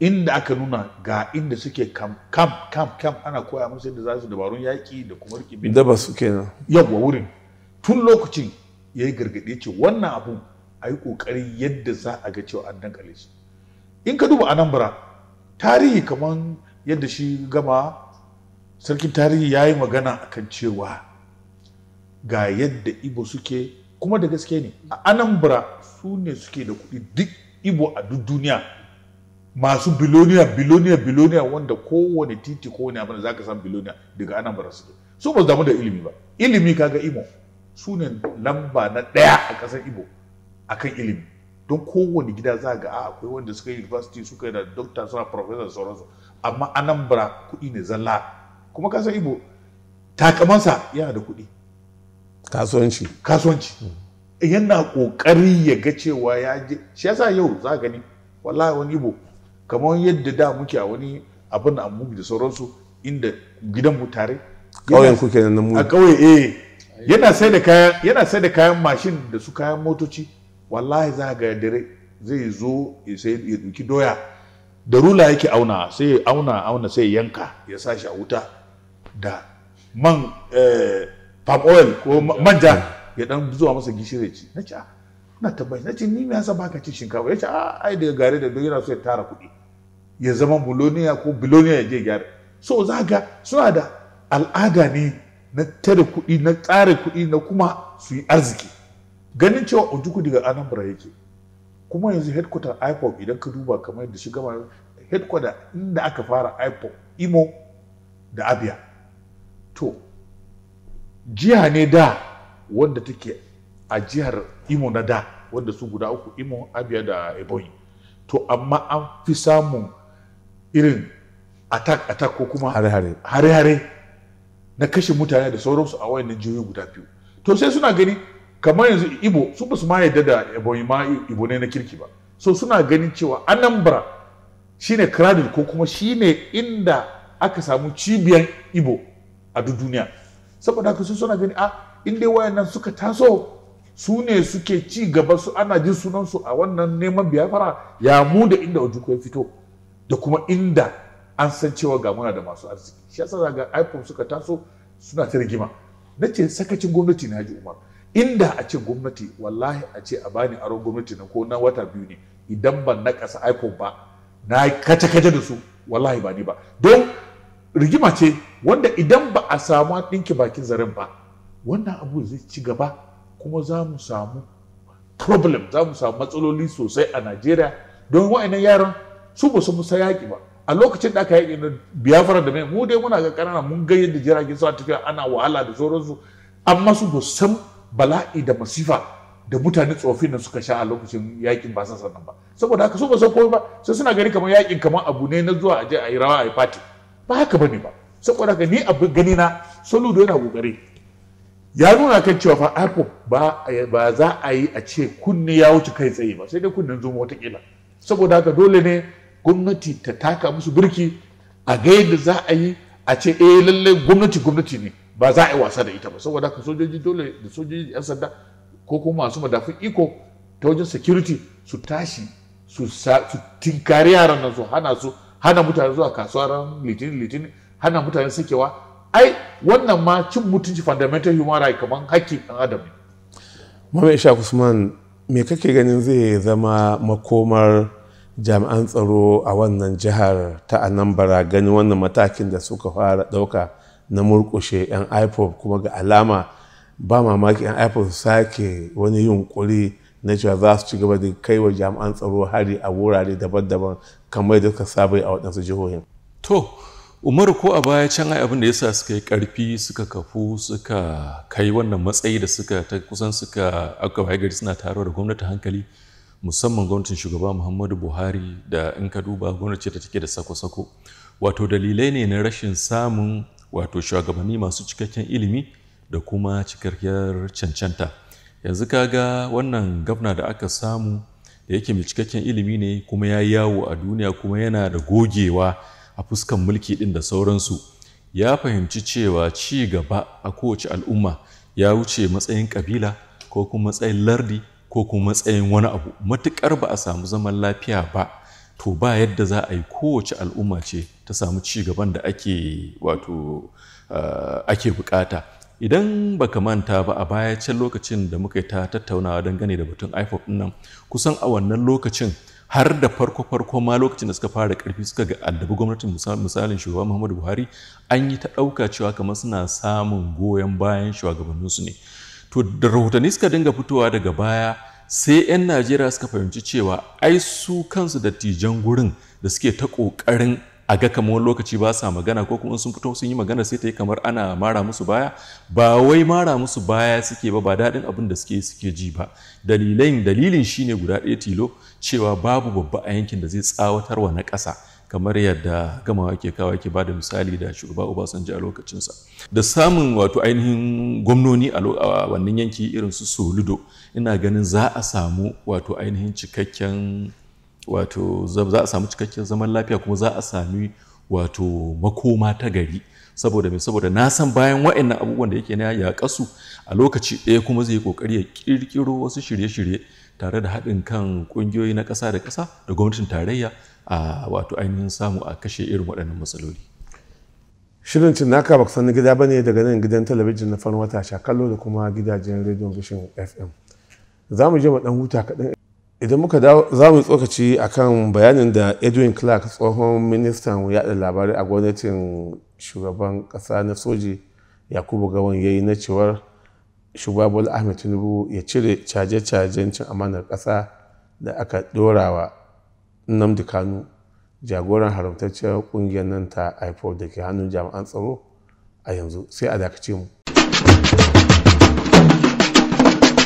Speaker 5: inda aka nuna ga inda suke kam kam kam ana koya musu yadda za su dabarun yaƙi da kuma rikibin da ba su kenan yawwa wurin tun lokacin ya yi gargaɗi ce wannan abun a yi ƙoƙari yadda za a ga cewa an dankale su. in ka duba anambra tarihi kamar yadda shi gama sarkin tarihi ya yi magana a kan cewa ga yadda ibo suke kuma da gaske ne a anambra su ne suke da kuɗi duk ibo a duk duniya masu biloniya biloniya biloniya wanda kowane titi kowane abin da za ka san biloniya daga anambra suke su ba su damu da ilimi ba ilimi kaga imo su lamba na ɗaya a ƙasar ibo akan ilimi don kowane gida za ga ah, akwai wanda suka yi university suka yi da doctor suna professor da sauransu amma anambra kuɗi ne zalla kuma kasar ibo takamansa yana da kuɗi kasuwanci kasuwanci yana ƙoƙari ya ga cewa ya je shi yasa yau za gani wallahi wani ibo kamar yadda da muke a wani abin a mubi da sauransu inda gidanmu mu tare Kauyen kuke
Speaker 1: nan mu a ƙauye
Speaker 5: eh yana sai da kayan yana sai da kayan mashin da su kayan motoci wallahi za ga dare zai zo ya duki doya da rula yake auna sai ya auna auna sai ya yanka ya sa shi a wuta da man eh, palm oil ko manja ya dan zuwa masa gishiri ci na ci ah, na tabbaci na ce ni me yasa baka ci shinkafa ya ce a ah, ai daga gare da doya yana so ya tara kuɗi ya zama buloniya ko bologna ya je gyara so za ga suna da al'ada ne na tare kuɗi na tsare kuɗi na kuma su yi arziki ganin cewa ojuku daga anambra yake kuma yanzu headquarter ipop idan ka duba kamar yadda shi gama headquarter inda aka fara ipop imo da abia to jiha ne da wanda take a jihar imo na da wanda su guda uku imo abia da ebonyi to amma an fi samun irin attack attack ko kuma hare-hare na kashe mutane da sauransu a wayannan jihohi guda biyu to sai suna gani kamar yanzu ibo su basu su ma yadda da ibo ma ibo ne na kirki ba so suna ganin cewa anambra shine kradin ko kuma shine inda aka samu cibiyan ibo a duk duniya saboda haka su suna gani a ah, in dai wayannan suka taso su ne suke ci gaba su ana jin sunansu a wannan neman biyafara ya mu da inda ojuku ya fito da kuma inda an san cewa ga muna da masu arziki shi yasa ga iPhone suka taso suna ta rigima na ce sakacin gwamnati na haji umar inda a ce gwamnati wallahi a ce a bani aro gwamnati na ko na wata biyu ne idan ban na ƙasa iPhone ba na kace kace da su wallahi ba ni ba don rigima ce wanda idan ba a samu ɗinki bakin zaren ba wannan abu zai ci gaba kuma za mu samu problem za mu samu matsaloli sosai a najeriya don wa'annan yaran su ba su musa yaƙi ba a lokacin da aka yi na biyafara da mai mu dai muna ga ƙanana mun ga yadda jiragen ta tafiya ana wahala da sauransu amma su ba san bala'i da masifa da mutane tsofin da suka sha a lokacin yakin ba san ba saboda haka su ba san komai ba sai suna gani kamar yakin kamar abu ne na zuwa a je a yi rawa a yi fati ba haka bane ba saboda haka ni a gani na da yana kokari ya nuna kan cewa fa apple ba za a yi a ce kunne ya wuce kai tsaye ba sai dai kunnen zuma wata kila saboda haka dole ne gwamnati ta taka musu birki a ga yadda za a yi a ce eh lallai gwamnati gwamnati ne ba za a yi wasa da ita ba saboda haka sojoji dole da sojoji yan sanda ko kuma masu madafin iko ta wajen security su tashi su tinkari yaran nan su hana su hana mutane zuwa kasuwa ran litinin litinin hana mutane sakewa ai wannan ma cin mutunci fundamental human right kamar hakkin ɗan adam ne.
Speaker 1: Mama Usman me kake ganin zai zama makomar jami'an tsaro a wannan jihar ta anambra gani wannan matakin da suka fara ɗauka na murkushe 'yan ipod kuma ga alama ba mamaki 'yan ipod su sake wani yunkuri na cewa za su ci gaba da kai wa jami'an tsaro hari a wurare daban-daban kamar da suka saba a waɗansu jihohin
Speaker 4: to umaru ko a baya can ai abin da yasa suka yi karfi suka kafu suka kai wannan matsayi da suka ta kusan suka aka gari suna taro da gwamnati hankali musamman gwamnatin shugaba muhammadu buhari da in ka duba gwamnati da take da sako-sako wato dalilai ne na rashin samun wato shugabanni masu cikakken ilimi da kuma cikakkiyar cancanta yanzu kaga wannan gabna da aka samu da yake mai cikakken ilimi ne kuma ya yawo a duniya kuma yana da gogewa a fuskan mulki din da sauransu ya fahimci cewa ci gaba a kowace al'umma ya wuce matsayin kabila ko kuma matsayin lardi ko kuma matsayin wani abu matuƙar ba a samu zaman lafiya ba to ba yadda za a yi kowace al'umma ce ta samu ci gaban da ake wato eh, ake bukata idan baka manta ba a baya can lokacin da muka yi ta tattaunawa dangane da batun ipop nan kusan a wannan lokacin har da farko-farko ma lokacin da suka fara karfi suka ga addabi gwamnatin misalin shugaban muhammadu buhari an yi ta ɗauka cewa kamar suna samun goyon bayan shugabanninsu ne to da rahotanni suka dinga fitowa daga baya sai 'yan najeriya suka fahimci cewa ai su kansu dattijan gurin da suke ta ƙoƙarin a ga kamar lokaci ba sa magana ko kuma sun fito sun yi magana sai ta yi kamar ana mara musu baya ba wai mara musu baya suke ba ba daɗin abin da suke suke ji ba dalilin dalilin shine guda ɗaya tilo cewa babu babba a yankin da zai tsawatarwa na ƙasa kamar yadda gama ake kawo ke ba da misali da shugaba obasanjo a lokacinsa da samun wato ainihin gwamnoni a wannan yanki irin su soludo ina ganin za a samu wato ainihin cikakken wato za a samu cikakken zaman lafiya kuma za a sami wato makoma ta gari saboda mai saboda na san bayan wa'annan abubuwan da yake na ya kasu a lokaci ɗaya kuma zai kokari ya kirkiro wasu shirye-shirye tare da haɗin kan ƙungiyoyi na ƙasa da ƙasa da gwamnatin tarayya a wato ainihin samu a kashe irin waɗannan matsaloli
Speaker 1: shirin cin naka baka sani gida bane daga nan gidan talabijin na farin wata shakallo da kuma gidajen rediyon bishin fm za mu je mu dan huta kaɗan idan muka dawo za mu tsokaci a kan bayanin da edwin clark tsohon ministan yaɗa labarai a gwamnatin shugaban ƙasa na soji yakubu gawan ya yi na cewar shugaba ahmed tinubu ya cire caje-cajen cin amanar ƙasa da aka ɗorawa namdi kanu jagoran haramtacciyar kungiyar nan ta ipod da ke hannun jami'an tsaro a yanzu sai a dakace mu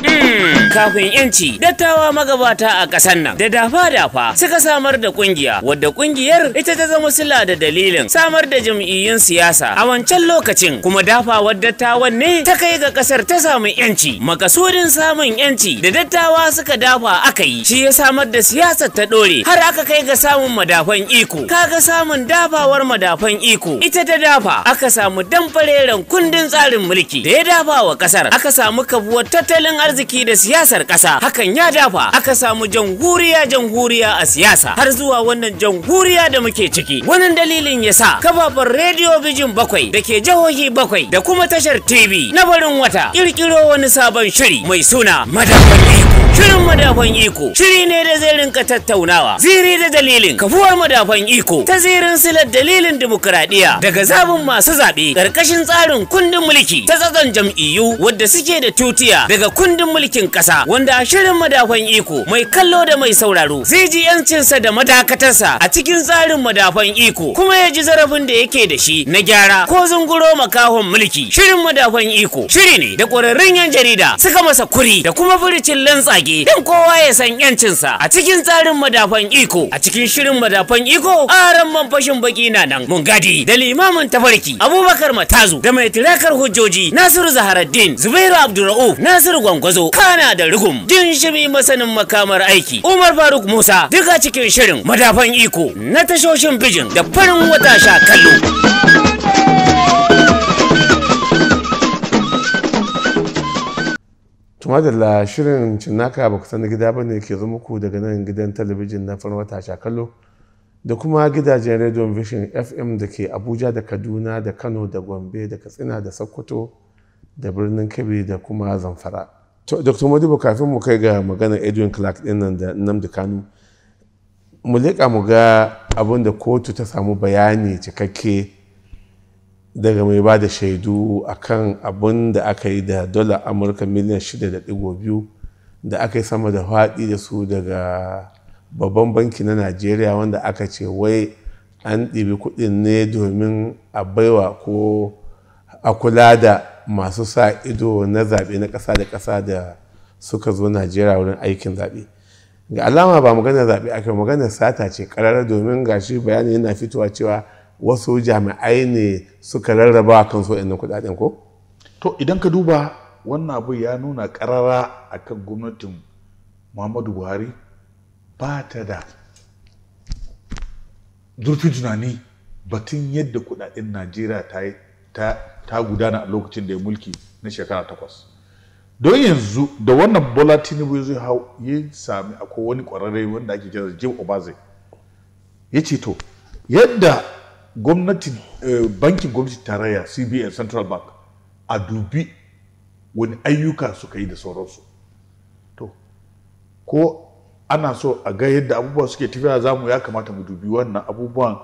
Speaker 2: Hmm. kafin yanci dattawa magabata a ƙasar nan da dafa-dafa suka samar da kungiya wadda kungiyar ita ta zama sila da dalilin samar da jam'iyyun siyasa a wancan lokacin kuma dafawar ta ne ta kai ga ƙasar ta samu yanci makasudin samun yanci da dattawa suka dafa aka yi shi ya samar da siyasar ta ɗore har aka kai ga samun madafan iko kaga samun dafawar madafan iko ita ta dafa aka samu damfareren kundin tsarin mulki da ya dafa wa ƙasar aka samu kabuwar tattalin arziki arziki da siyasar ƙasa hakan ya dafa aka samu jamhuriya jamhuriya a siyasa har zuwa wannan jamhuriya da muke ciki wannan dalilin yasa sa kafafen rediyo bijin bakwai da ke jihohi bakwai da kuma tashar tv na barin wata kirkiro wani sabon shiri mai suna madafan iko Shirin madafan iko shiri ne da zai rinka tattaunawa ziri da dalilin kafuwar madafan iko ta zirin silar dalilin dimokuraɗiyya daga zabin masu zaɓe ƙarƙashin tsarin kundin mulki ta tsatson jam'iyyu wadda suke da tutiya daga kundin kundin mulkin ƙasa wanda shirin madafan iko mai kallo da mai sauraro zai ji yancinsa da madakatarsa a cikin tsarin madafan iko kuma ya ji zarafin da yake da shi na gyara ko zunguro makahon mulki shirin madafan iko shiri ne da ƙwararrun yan jarida suka masa kuri da kuma furicin lantsage don kowa ya san yancinsa a cikin tsarin madafan iko a cikin shirin madafan iko aran man fashin baki na nan mun gadi da limamin tafarki abubakar matazu da mai tirakar hujjoji nasiru zaharaddin zubairu abdurra'uf nasiru gwangwazo zo kana da rigum shimi masanin makamar aiki umar faruk musa duka cikin shirin madafan iko na tashoshin bijin da farin wata sha kallo
Speaker 1: tuma da la shirin cinnaka ba kusan gida ba ne ke zo muku daga nan gidan talabijin na farin wata sha kallo da kuma gidajen radio vision fm da ke abuja da kaduna da kano da gombe da katsina da sokoto da birnin kebbi da kuma zamfara to dr modibo kafin mu kai ga maganar edwin clark din nan da namdi kanu mu leƙa mu ga abin da kotu ta samu bayani cikakke daga mai ba da shaidu akan abin da aka yi da dola amurka miliyan 6.2 da aka yi sama da faɗi da su daga babban banki na najeriya wanda aka ce wai an ɗibi kuɗin ne domin a baiwa ko a kula da masu sa ido na zaɓe na ƙasa da ƙasa da suka zo najeriya wurin aikin zaɓe ga alama ba maganar zaɓe ake maganar sata ce karara domin gashi bayani yana fitowa cewa wasu jami'ai ne suka rarraba kan su ɗan kuɗaɗen ko
Speaker 5: to idan ka duba wannan abu ya nuna ƙarara akan gwamnatin muhammadu buhari ba ta da zurfin tunani batun yadda kuɗaɗen najeriya ta yi ta gudana a lokacin da ya mulki na shekara takwas don yanzu da wannan bola tinubu zai hau ya sami akwai wani kwararre wanda ake kira jim obaze ya ce to yadda gwamnatin eh, bankin gwamnatin tarayya cbn central bank a dubi wani ayyuka suka yi da sauransu to ko ana so a ga yadda abubuwa suke tafiya zamu ya kamata mu dubi wannan abubuwan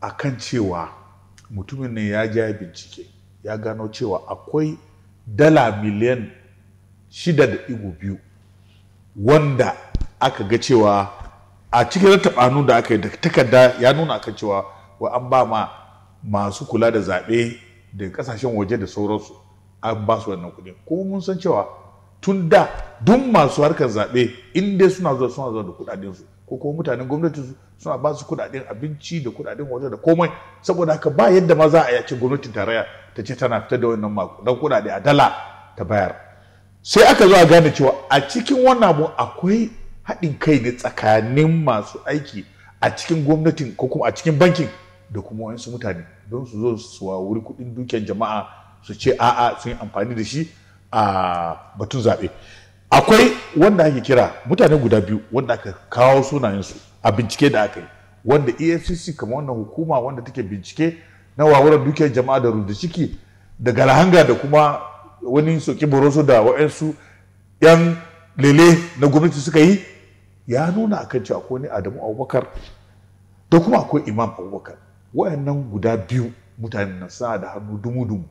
Speaker 5: a kan cewa mutumin ne ya ja bincike ya gano cewa akwai dala miliyan shida da igu biyu wanda aka ga cewa a cikin tabanu da aka yi da takarda ya nuna kan cewa wa an ba ma masu kula da zaɓe da kasashen waje da sauransu an ba su wannan kuɗi Ko mun san cewa tun da duk masu harkar zaɓe in dai suna zuwa suna zuwa da kuɗaɗensu ko kuma mutanen gwamnati suna ba su kudaden abinci da kudaden waje da komai saboda haka ba yadda ma za a yace gwamnatin tarayya ta ce tana fitar da wannan mako dan kudade a dala ta bayar sai aka zo a gane cewa a cikin wannan abu akwai haɗin kai ne tsakanin masu aiki a cikin gwamnatin ko kuma a cikin bankin da kuma wasu mutane don su zo su wuri kuɗin dukiyar jama'a su ce a'a sun yi amfani da shi a batun zaɓe akwai wanda ake kira mutane guda biyu wanda aka kawo sunayensu a bincike da aka yi wanda efcc kamar wannan hukuma wanda take bincike na wawuran dukiyar jama'a da rubda ciki da galahanga da kuma wani soki boroso da wa'ansu 'yan lele na gwamnati suka yi ya nuna a kan cewa akwai wani adamu abubakar da kuma akwai imam abubakar wa'annan guda biyu mutane nan suna da hannu dumu-dumu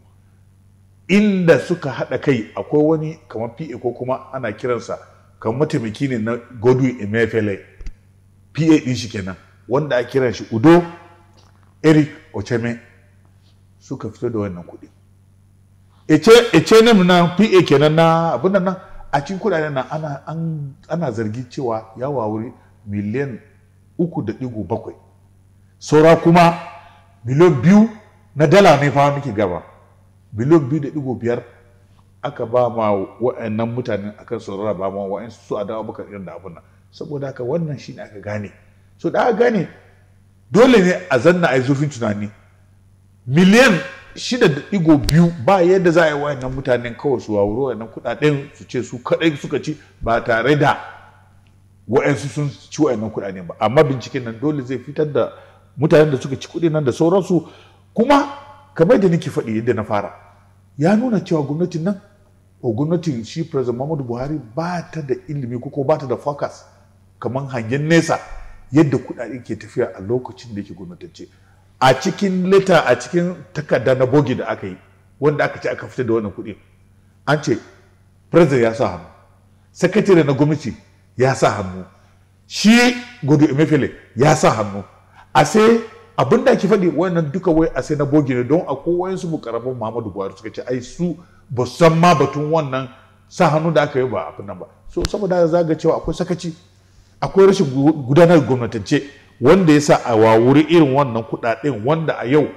Speaker 5: inda suka haɗa kai akwai wani kamar pa ko kuma ana kiransa kamar mataimaki ne na godwin emefele pa ɗin shi kenan wanda a kiran shi udo eric ocheme suka fito da wannan kuɗi ece ece na nuna pa kenan na abin nan a cikin kuɗaɗen na ana an ana zargi cewa ya wawuri miliyan uku da ɗigo bakwai saura kuma miliyan biyu na dala ne fa muke gaba biliyan biyu da ɗigo biyar aka ba ma wa'annan mutanen akan su ba ma wa'in su a dawa baka irin da abun nan saboda haka wannan shi ne aka gane so da aka gane dole ne a zanna a yi zurfin tunani miliyan shida da ɗigo biyu ba yadda za a yi wa'annan mutanen kawai su wawuro wa'annan kuɗaɗen su ce su kaɗai suka ci ba tare da wa'ansu sun ci wa'annan kuɗaɗen ba amma binciken nan dole zai fitar da mutanen da suka ci kuɗi nan da sauransu kuma kamar da niki faɗi yadda na fara ya nuna cewa gwamnatin nan ko gwamnatin shi president muhammadu buhari ba ta da ilimi ko ba ta da focus kamar hangen nesa yadda kuɗaɗe ke tafiya a lokacin da yake gwamnatance a cikin leta a cikin takarda na bogi da aka yi wanda aka ce aka fitar da wannan kuɗi an ce president ya sa hannu sakatare na gwamnati ya sa hannu shi gudu emefele ya sa hannu a sai abin da ake faɗi wannan duka wai a sai na bogi ne don a su karamin muhammadu buhari suka ce ai su ba san ma batun wannan sa hannu da aka yi ba abin nan ba so saboda za ga cewa akwai sakaci akwai rashin gudanar gwamnatance wanda ya sa a wawuri irin wannan kuɗaɗen wanda a yau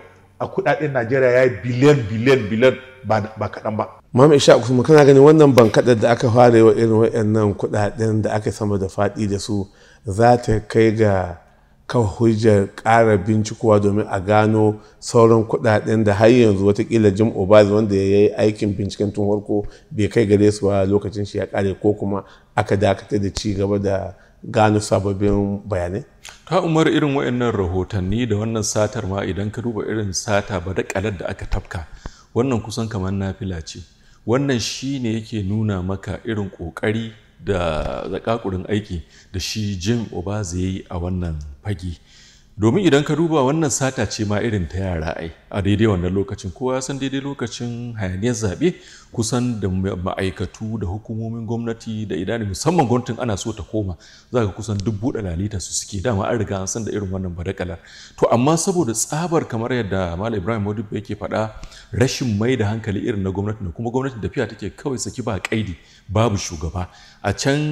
Speaker 5: a kuɗaɗen najeriya ya yi biliyan biliyan biliyan ba kaɗan ba mama
Speaker 1: isha kuma kana ganin wannan bankaɗar da aka fara wa irin waɗannan kuɗaɗen da aka sama da faɗi da su za ta kai ga kan hujjar ƙara bincikowa domin a gano sauran kuɗaɗen da har yanzu watakila jim obaz wanda ya yi aikin binciken tun farko bai kai gare su ba lokacin shi ya ƙare ko kuma aka dakatar da ci gaba da gano sababbin bayanai
Speaker 4: ka umar irin waɗannan rahotanni da wannan satar ma idan ka duba irin sata ba da ƙalar da aka tafka wannan kusan kamar nafila ce wannan shi ne yake nuna maka irin ƙoƙari da zakakurin aiki da shi jim obaz ya yi a wannan fage domin idan ka duba wannan sata ce ma irin ta yara ai a daidai wannan lokacin kowa ya san daidai lokacin hayaniyar zaɓe kusan da ma'aikatu da hukumomin gwamnati da idan musamman gwamnatin ana so ta koma za ka kusan duk buɗe lalita su suke dama an riga an san da irin wannan badakalar to amma saboda tsabar kamar yadda malam ibrahim modibo yake faɗa rashin mai da hankali irin na gwamnati da kuma gwamnati tafiya take kawai saki ba kaidi babu shugaba a can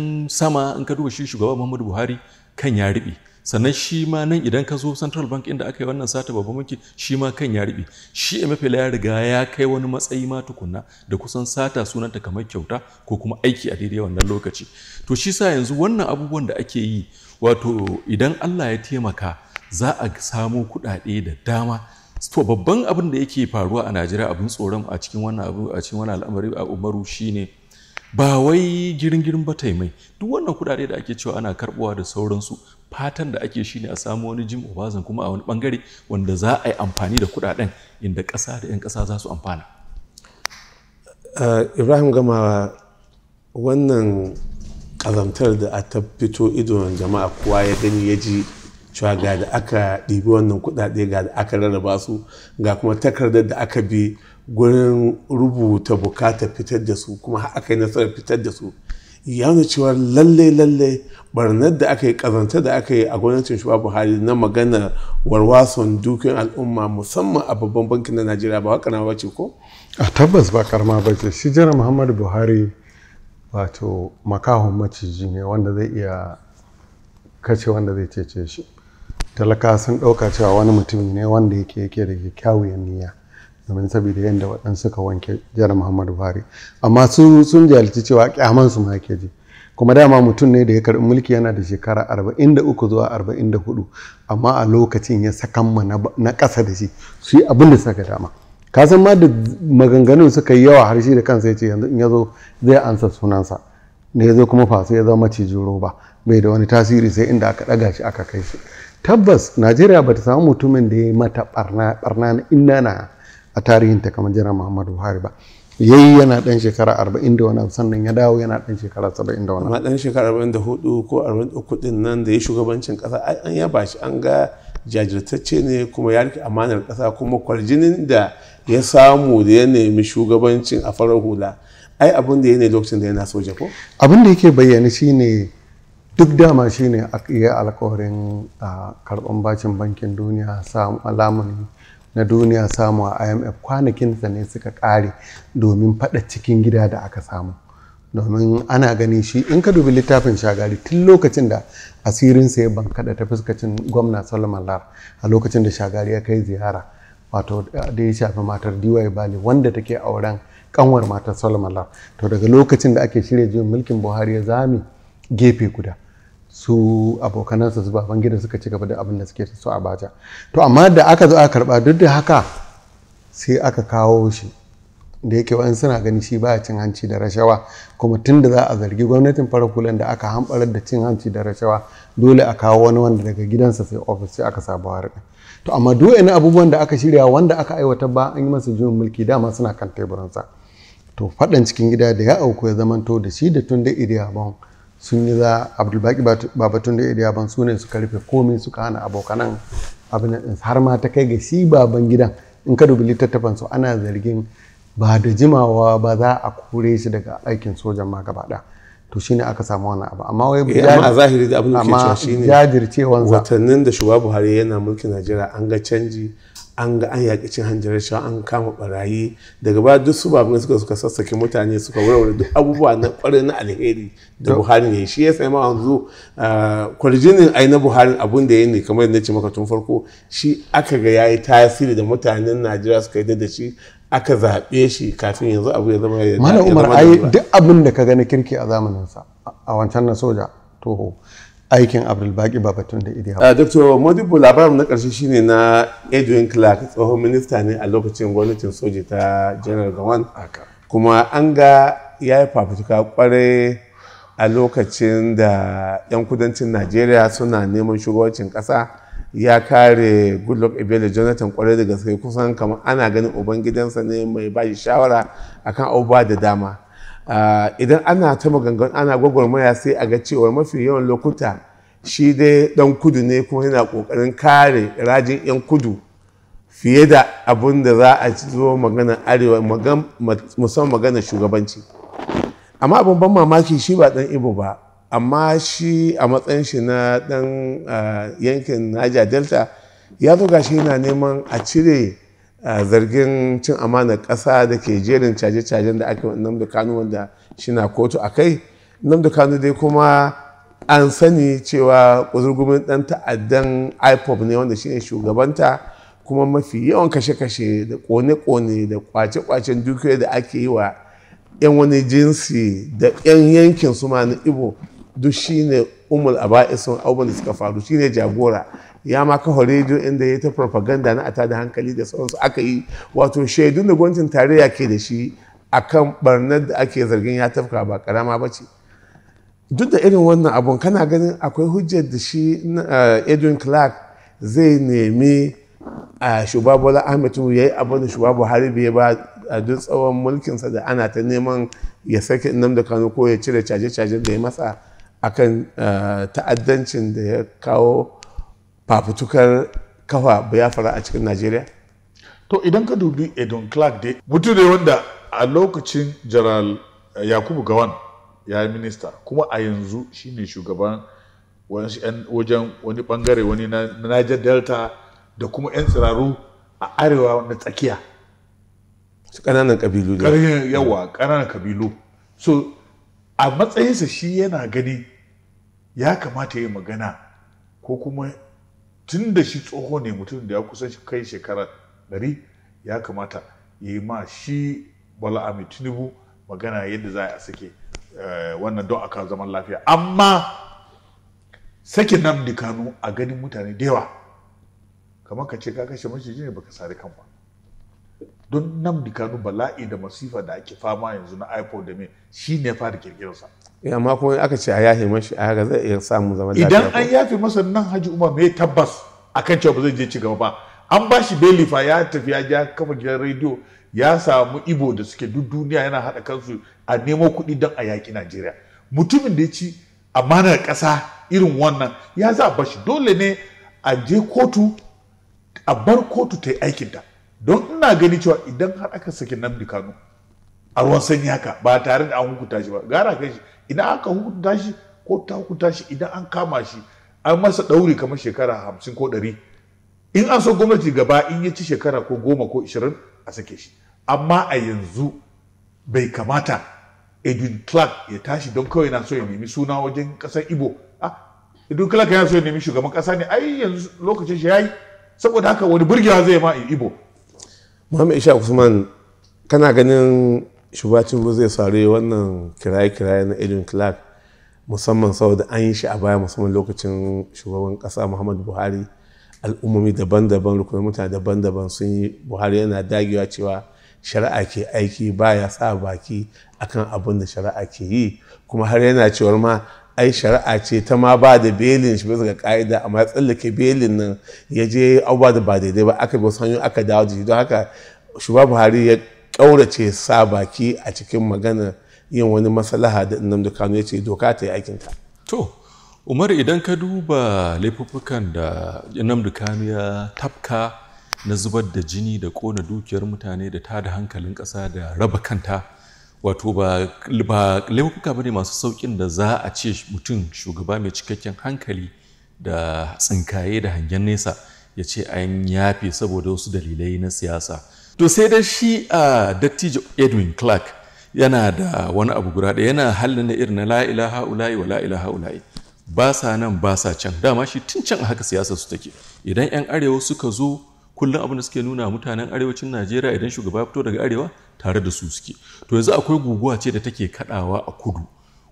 Speaker 4: sama in ka duba shi shugaba muhammadu buhari kan ya riɓe sannan shi ma nan idan ka zo central bank inda aka yi wannan sata babban banki shi ma kan ya riɓe shi mafi ya riga ya kai wani matsayi ma tukunna da kusan sata sunanta kamar kyauta ko kuma aiki a daidai wannan lokaci to shi sa yanzu wannan abubuwan da ake yi wato idan allah ya taimaka za a samo kuɗaɗe da dama to babban abin da yake faruwa a najeriya abin tsoron a cikin wannan abu a cikin wannan al'amari a umaru shine ba wai girin girin ba taimai duk wannan kuɗaɗe da ake cewa ana karbuwa da sauransu fatan da ake shine a samu wani jim obazan kuma a wani bangare wanda za a yi amfani da kuɗaɗen inda ƙasa da 'yan ƙasa za su amfana
Speaker 1: ibrahim gamawa wannan ƙazamtar da a ta fito idon jama'a kowa ya gani ya ji cewa ga da aka ɗibi wannan kuɗaɗe ga da aka rarraba su ga kuma takardar da aka bi gurin rubuta bukata fitar da su kuma aka yi nasarar fitar da su ya nuna cewa lalle lalle barnar da aka yi kazanta da aka yi a gwamnatin shugaba buhari na maganar warwason dukiyar al'umma musamman a babban bankin na najeriya ba haka ba ce ko
Speaker 3: a tabbas ba karma ba ce shi jira muhammadu buhari wato makahon maciji ne wanda zai iya kace wanda zai cece shi talaka sun ɗauka cewa wani mutum ne wanda yake yake da kyakkyawar niyya domin saboda yadda waɗansu suka wanke jihar muhammadu buhari amma sun jalici cewa kyaman su ma ke ji kuma dama mutum ne da ya karɓi mulki yana da shekara 43 zuwa 44 amma a lokacin ya sakan ma na ƙasa da shi su yi abin da saka dama ka san ma da maganganun suka yi yawa harshe da kansa ya ce yanzu in ya zo zai ansa sunansa Ne ya zo kuma faso ya zama cijin roba bai da wani tasiri sai inda aka ɗaga shi aka kai shi tabbas najeriya bata ta samu mutumin da ya yi mata barna na inna na a tarihinta kamar jiran muhammad buhari ba yayi yana dan shekara 40 da wani sannan ya dawo yana dan shekara 70 da wani amma dan
Speaker 1: shekara 44 ko 43 din nan da ya shugabancin kasa an yaba shi an ga jajirtacce ne kuma ya rike amanar kasa kuma kwarjinin da ya samu da ya nemi shugabancin a farar hula ai abin da ya ne lokacin da yana soja ko
Speaker 3: abin da yake bayyana shine duk dama shine a alkawarin karban bacin bankin duniya samun alamun. na duniya samu a imf kwanakin sa ne suka kare domin fada cikin gida da aka samu domin ana gani shi in ka dubi littafin shagari tun lokacin da asirin sai ya bankada ta fuskacin gwamna solomon lar a lokacin da shagari ya kai ziyara wato eh, da ya shafi matar dy bali wanda take auren kanwar matar solomon lar to daga lokacin da ake shirya jin mulkin buhari ya zame gefe guda su abokanansa su baban gida suka ci gaba da abin da suke so a baja to amma da aka zo a karba duk da haka sai aka kawo shi da yake wa'in suna gani shi ba cin hanci da rashawa kuma tun da za a zargi gwamnatin farakulan da aka hamɓarar da cin hanci da rashawa dole a kawo wani wanda daga gidansa sai ofis sai aka sabu harka to amma duk wani abubuwan da aka shirya wanda aka aiwatar ba an yi masa juyin mulki dama suna kan teburansa to faɗan cikin gida da ya auku ya zamanto da shi da tun da iriya bon sun yi za abdulbaki babatun da ya ban su ne suka rufe komi suka hana abokanan abin har ma ta kai ga shi baban gidan in ka dubi littattafan su ana zargin ba da jimawa ba za a kore shi daga aikin sojan ma gaba to shine aka samu wannan abu amma wai eh, a zahiri da abin da ke cewa
Speaker 1: shine watannin da shugaba Buhari yana mulkin Najeriya an ga canji an ga an yaƙi cin hanjin rashawa an kama barayi daga ba duk su babin suka suka sassake mutane suka warware duk abubuwa na kwarai na alheri da buhari ne shi ya sai ma yanzu ah, kwarjinin ai na buhari abun da ya ne kamar yadda ce maka tun farko shi aka ga ya yi tasiri da mutanen najeriya suka yi da shi aka zaɓe shi kafin yanzu abu ya zama ya zama umar ai duk
Speaker 3: abin da ka gani kirki a zamaninsa a wancan na soja toho aikin abdulbaki babatun da idiya hawa ah,
Speaker 1: dr modibo labarin na karshe shine na edwin clark tsohon minista ne a lokacin gwamnatin soji ta general gawan kuma an ga ya yi fafutuka kwarai a lokacin da 'yan kudancin najeriya suna neman shugabancin kasa ya kare goodluck ebele jonathan kwarai da gaske kusan kamar ana ganin ubangidansa ne mai ba shawara akan abubuwa da dama Ah, idan ana ta maganganun ana gwagwarmaya sai a ga cewa mafi yawan lokuta shi dai dan kudu ne kuma yana kokarin kare rajin 'yan kudu fiye da abin da za a zo maganar arewa musamman maganar shugabanci amma abin ban mamaki shi ba dan ibo ba amma shi a matsayin shi na dan ah, yankin naja delta ya zo gashi yana neman a cire zargin cin amanar ƙasa da ke jerin caje-cajen da aka nan da kanu wanda shi na kotu a kai nan da kanu dai kuma an sani cewa kuzurgumin ɗan ta'addan ipob ne wanda shine shugabanta kuma mafi yawan kashe-kashe da ƙone-ƙone da ƙwace-ƙwacen dukiyar da ake yi wa 'yan wani jinsi da 'yan yankin su ma na ibo duk shine umul aba'isun abubuwan da suka faru shine jagora ya ma kafa rediyo inda ya ta propaganda na ata da hankali da sauransu aka yi wato shaidun da gwamnatin tarayya ke da shi akan barnar da ake zargin ya tafka ba karama ba ce duk da irin wannan abun kana ganin akwai hujjar da shi eh, edwin clark zai nemi a eh, shugaba bola ahmed ya yi abin da shugaba buhari bai ba a duk tsawon mulkinsa da ana ta neman ya sake nan da kano ko ya cire caje-caje da ya masa akan eh, ta'addancin da ya kawo fafutukar kafa fara a cikin najeriya
Speaker 5: to idan ka dubi edon clark dai mutum ne wanda a lokacin general eh, yakubu gawan ya yi minista kuma a yanzu shine shugaban wajen wani bangare wani na niger delta da kuma 'yan tsiraru a arewa na tsakiya
Speaker 1: su ƙananan ƙabilu ne yawa
Speaker 5: ƙananan kabilu. so a matsayinsa shi yana gani ya kamata ya yi magana ko kuma tun da shi tsoho ne mutum da ya kusan kai shekara ɗari ya kamata ya yi ma shi bala ami tinubu magana yadda za a sake eh, wannan don aka zaman lafiya amma sake namdi kanu a ganin mutane da yawa kamar ka ce ka kashe maciji ne baka sare kan ba don namdi kanu bala'i da masifa da ake fama yanzu na ipod da me shi ne fara kirkirarsa
Speaker 1: Eh, amma kuma aka ce a yafe mashi a haka zai iya samu zama lafiya idan
Speaker 5: an yafe masa nan haji umar mai tabbas akan cewa ba zai je ci gaba ba an ba shi belifa ya tafiya ya ja kafa gidan rediyo ya samu ibo da suke duk duniya yana haɗa kansu a nemo kuɗi don a yaƙi najeriya mutumin da ya ci amanar ƙasa irin wannan ya za a bashi dole ne a je kotu a bar kotu ta yi aikinta don ina gani cewa idan har aka saki namdi kano a ruwan sanyi haka ba tare da an hukunta shi ba gara kai shi idan aka hukunta shi ko ta hukunta shi idan an kama shi an masa ɗauri kamar shekara hamsin ko ɗari in an so gwamnati gaba in ya ci shekara ko goma ko ishirin a sake shi amma a yanzu bai kamata edwin clark ya tashi don kawai na so ya nemi suna wajen ƙasar ibo edwin clark ya so ya nemi shugaban ƙasa ne ai yanzu lokacin shi ya yi saboda haka wani burgewa zai ma ibo
Speaker 1: muhammad isha usman kana ganin shubacin ba zai sare wannan kiraye-kiraye na edwin clark musamman saboda an yi shi a baya musamman lokacin shugaban kasa muhammadu buhari al'ummomi daban-daban rukunin mutane daban-daban sun yi buhari yana dagewa cewa shari'a ke aiki ba ya sa baki akan abin da shari'a ke yi kuma har yana cewar ma ai shari'a ce ta ma ba da belin shi bisa ga ka'ida amma ya tsallake belin nan ya je abubuwa da ba daidai ba aka bi wasu hanyoyi aka dawo da shi don haka shugaba buhari ya ƙaurace sa baki a cikin magana yin wani maslaha da Nnamdi Kano ya ce doka ta yi ta.
Speaker 4: To, Umar idan ka duba laifuffukan da Nnamdi Kano ya tafka na zubar da jini da ƙona dukiyar mutane da ta da hankalin ƙasa da raba kanta wato ba laifuka ba ne masu saukin da za a ce mutum shugaba mai cikakken hankali da tsinkaye da hangen nesa ya ce an yafe saboda wasu dalilai na siyasa. to sai da shi a dattijo edwin clark yana da wani abu guda da, yana halin da irin na la ilaha ulayi wa ilaha ba sa nan ba sa can dama shi tun can a haka siyasa su take idan yan arewa suka zo kullum abin da suke nuna mutanen arewacin najeriya idan shugaba fito daga arewa tare da su suke to yanzu akwai guguwa ce da take kadawa a kudu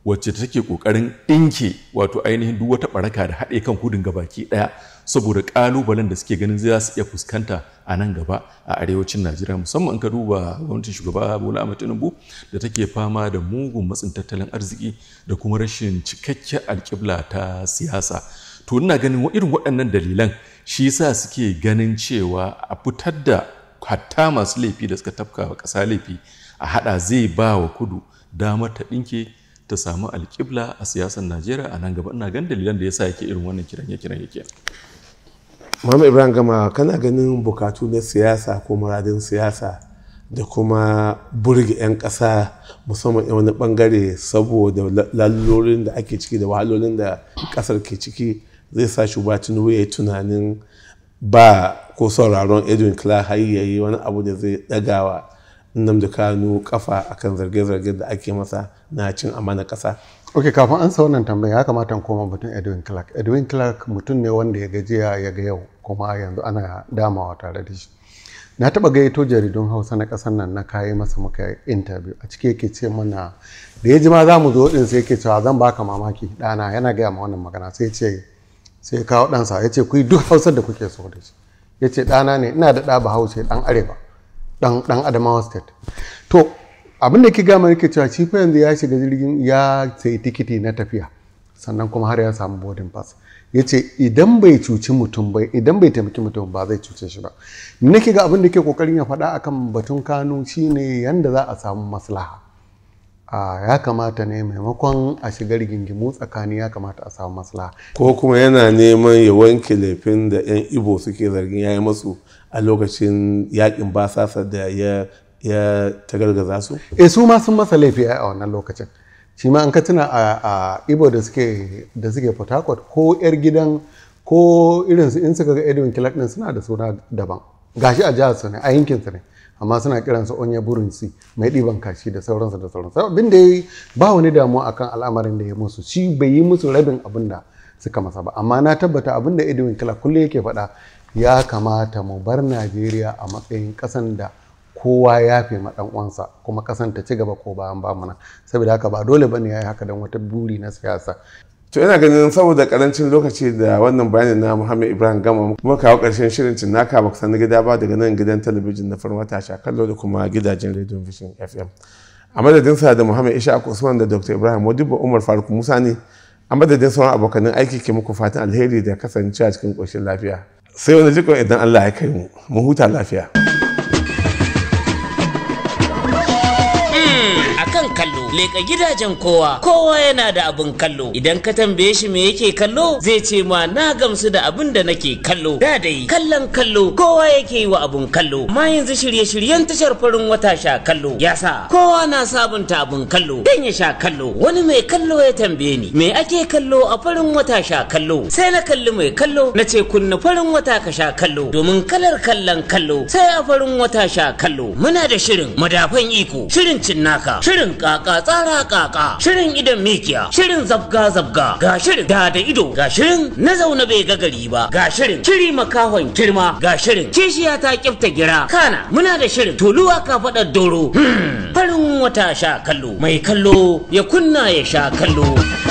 Speaker 4: wacce take kokarin ɗinke wato ainihin duk wata baraka da haɗe kan kudin gabaki ɗaya saboda ƙalubalen da suke ganin za su iya fuskanta a nan gaba a arewacin najeriya musamman ka duba gwamnatin shugaba bola ahmed tinubu da take fama da mugun matsin tattalin arziki da kuma rashin cikakken alƙibla ta siyasa to ina ganin irin waɗannan dalilan shi yasa suke ganin cewa a fitar da hatta masu laifi da suka tafka wa ƙasa laifi a haɗa zai ba wa kudu damar ta ɗinke ta samu alƙibla a siyasar najeriya a nan gaba ina ganin dalilan da yasa yake irin wannan kiran ya kiran yake
Speaker 1: Muhammad Ibrahim Gama kana ganin bukatu na siyasa ko muradin siyasa da kuma burge 'yan ƙasa musamman 'yan wani ɓangare saboda lalurorin da ake ciki da wahalolin da ƙasar ke ciki zai sa shugaba tinubu ya tunanin ba ko sauraron edwin clark har ya yi wani abu da zai ɗagawa nnamdi kanu kafa akan zarge-zarge da ake
Speaker 3: masa na cin amana ƙasa ok kafin an sa wannan tambayi ya kamata in koma mutum edwin clark edwin clark mutum ne wanda ya gajiya ya ga yau kuma yanzu ana damawa tare da shi na taɓa gaito jaridun hausa na ƙasar nan na kayi masa muka interview a ciki yake ce mana da ya ji ma za mu zo ɗin sai yake cewa zan baka mamaki ɗana yana gaya ma wannan magana sai ce sai kawo ɗansa ya ce ku duk hausar da kuke so da shi ya ce ɗana ne ina da ɗa bahaushe ɗan arewa ɗan adamawa state to abin da ke gama nake cewa shi fa yanzu ya shiga jirgin ya sayi tikiti na tafiya sannan kuma har ya samu bodin pass ya ce idan bai cuci mutum ba, idan bai taimaki mutum ba zai cuce shi ba nake ga abin da ke kokarin ya faɗa akan batun shi shine yanda za a samu maslaha ya kamata ne maimakon a shiga rigingimu tsakani ya kamata a samu maslaha ko
Speaker 1: kuma yana neman ya wanke laifin da 'yan ibo suke zargin ya yi masu a lokacin
Speaker 3: yakin basasa da ya ya tagargaza su e su ma sun masa laifi a wannan lokacin shi ma an ka tuna a ibo da suke da suke port harcourt ko yar gidan ko irin su in suka ga edwin clark din suna da suna daban gashi a jihar su ne a yankin su ne amma suna kiran su onya burinsi mai ɗiban kashi da sauransu da sauransu abin da yayi ba wani damuwa akan al'amarin da ya musu shi bai yi musu rabin abin da suka masa ba amma na tabbata abin da edwin clark kullum yake faɗa ya kamata mu bar najeriya a matsayin kasan da kowa ya fi ma uwansa kuma kasanta ta ci gaba ko bayan ba mana saboda haka ba dole bane yi haka dan wata buri na siyasa to ina ganin saboda karancin
Speaker 1: lokaci da wannan bayanin na Muhammad Ibrahim Gama kuma kawo karshen shirin cinnaka ba kusan gida ba daga nan gidan talabijin na farmata kallo da kuma gidajen Radio Vision FM a madadin sa da Muhammad Ishaq Usman da Dr. Ibrahim Modibo Umar Faruk Musa ne a madadin sauran abokanin aiki ke muku fatan alheri da kasancewa cikin koshin lafiya sai wani jikon idan Allah ya kai mu mu huta lafiya
Speaker 2: kallo leka gidajen kowa kowa yana da abin kallo idan ka tambaye shi me yake kallo zai ce ma na gamsu da abin da nake kallo da dai kallon kallo kowa yake yi wa abin kallo amma yanzu shirye-shiryen tashar farin wata sha kallo ya sa kowa na sabunta abin kallo dan ya sha kallo wani mai kallo ya tambaye ni me ake kallo a farin wata sha kallo sai na kalli mai kallo na ce kunna farin wata ka sha kallo domin kalar kallon kallo sai a farin wata sha kallo muna da shirin madafan iko shirin cinnaka shirin ka kaka tsara kaka shirin idan mikiya shirin zabga zabga ga shirin da da ido ga shirin na zauna bai ga gari ba ga shirin shiri makahon kirma ga shirin kishiya ta kifta gira kana muna da shirin tuluwa ka faɗa doro hmm, farin wata sha kallo mai kallo ya kunna ya sha kallo.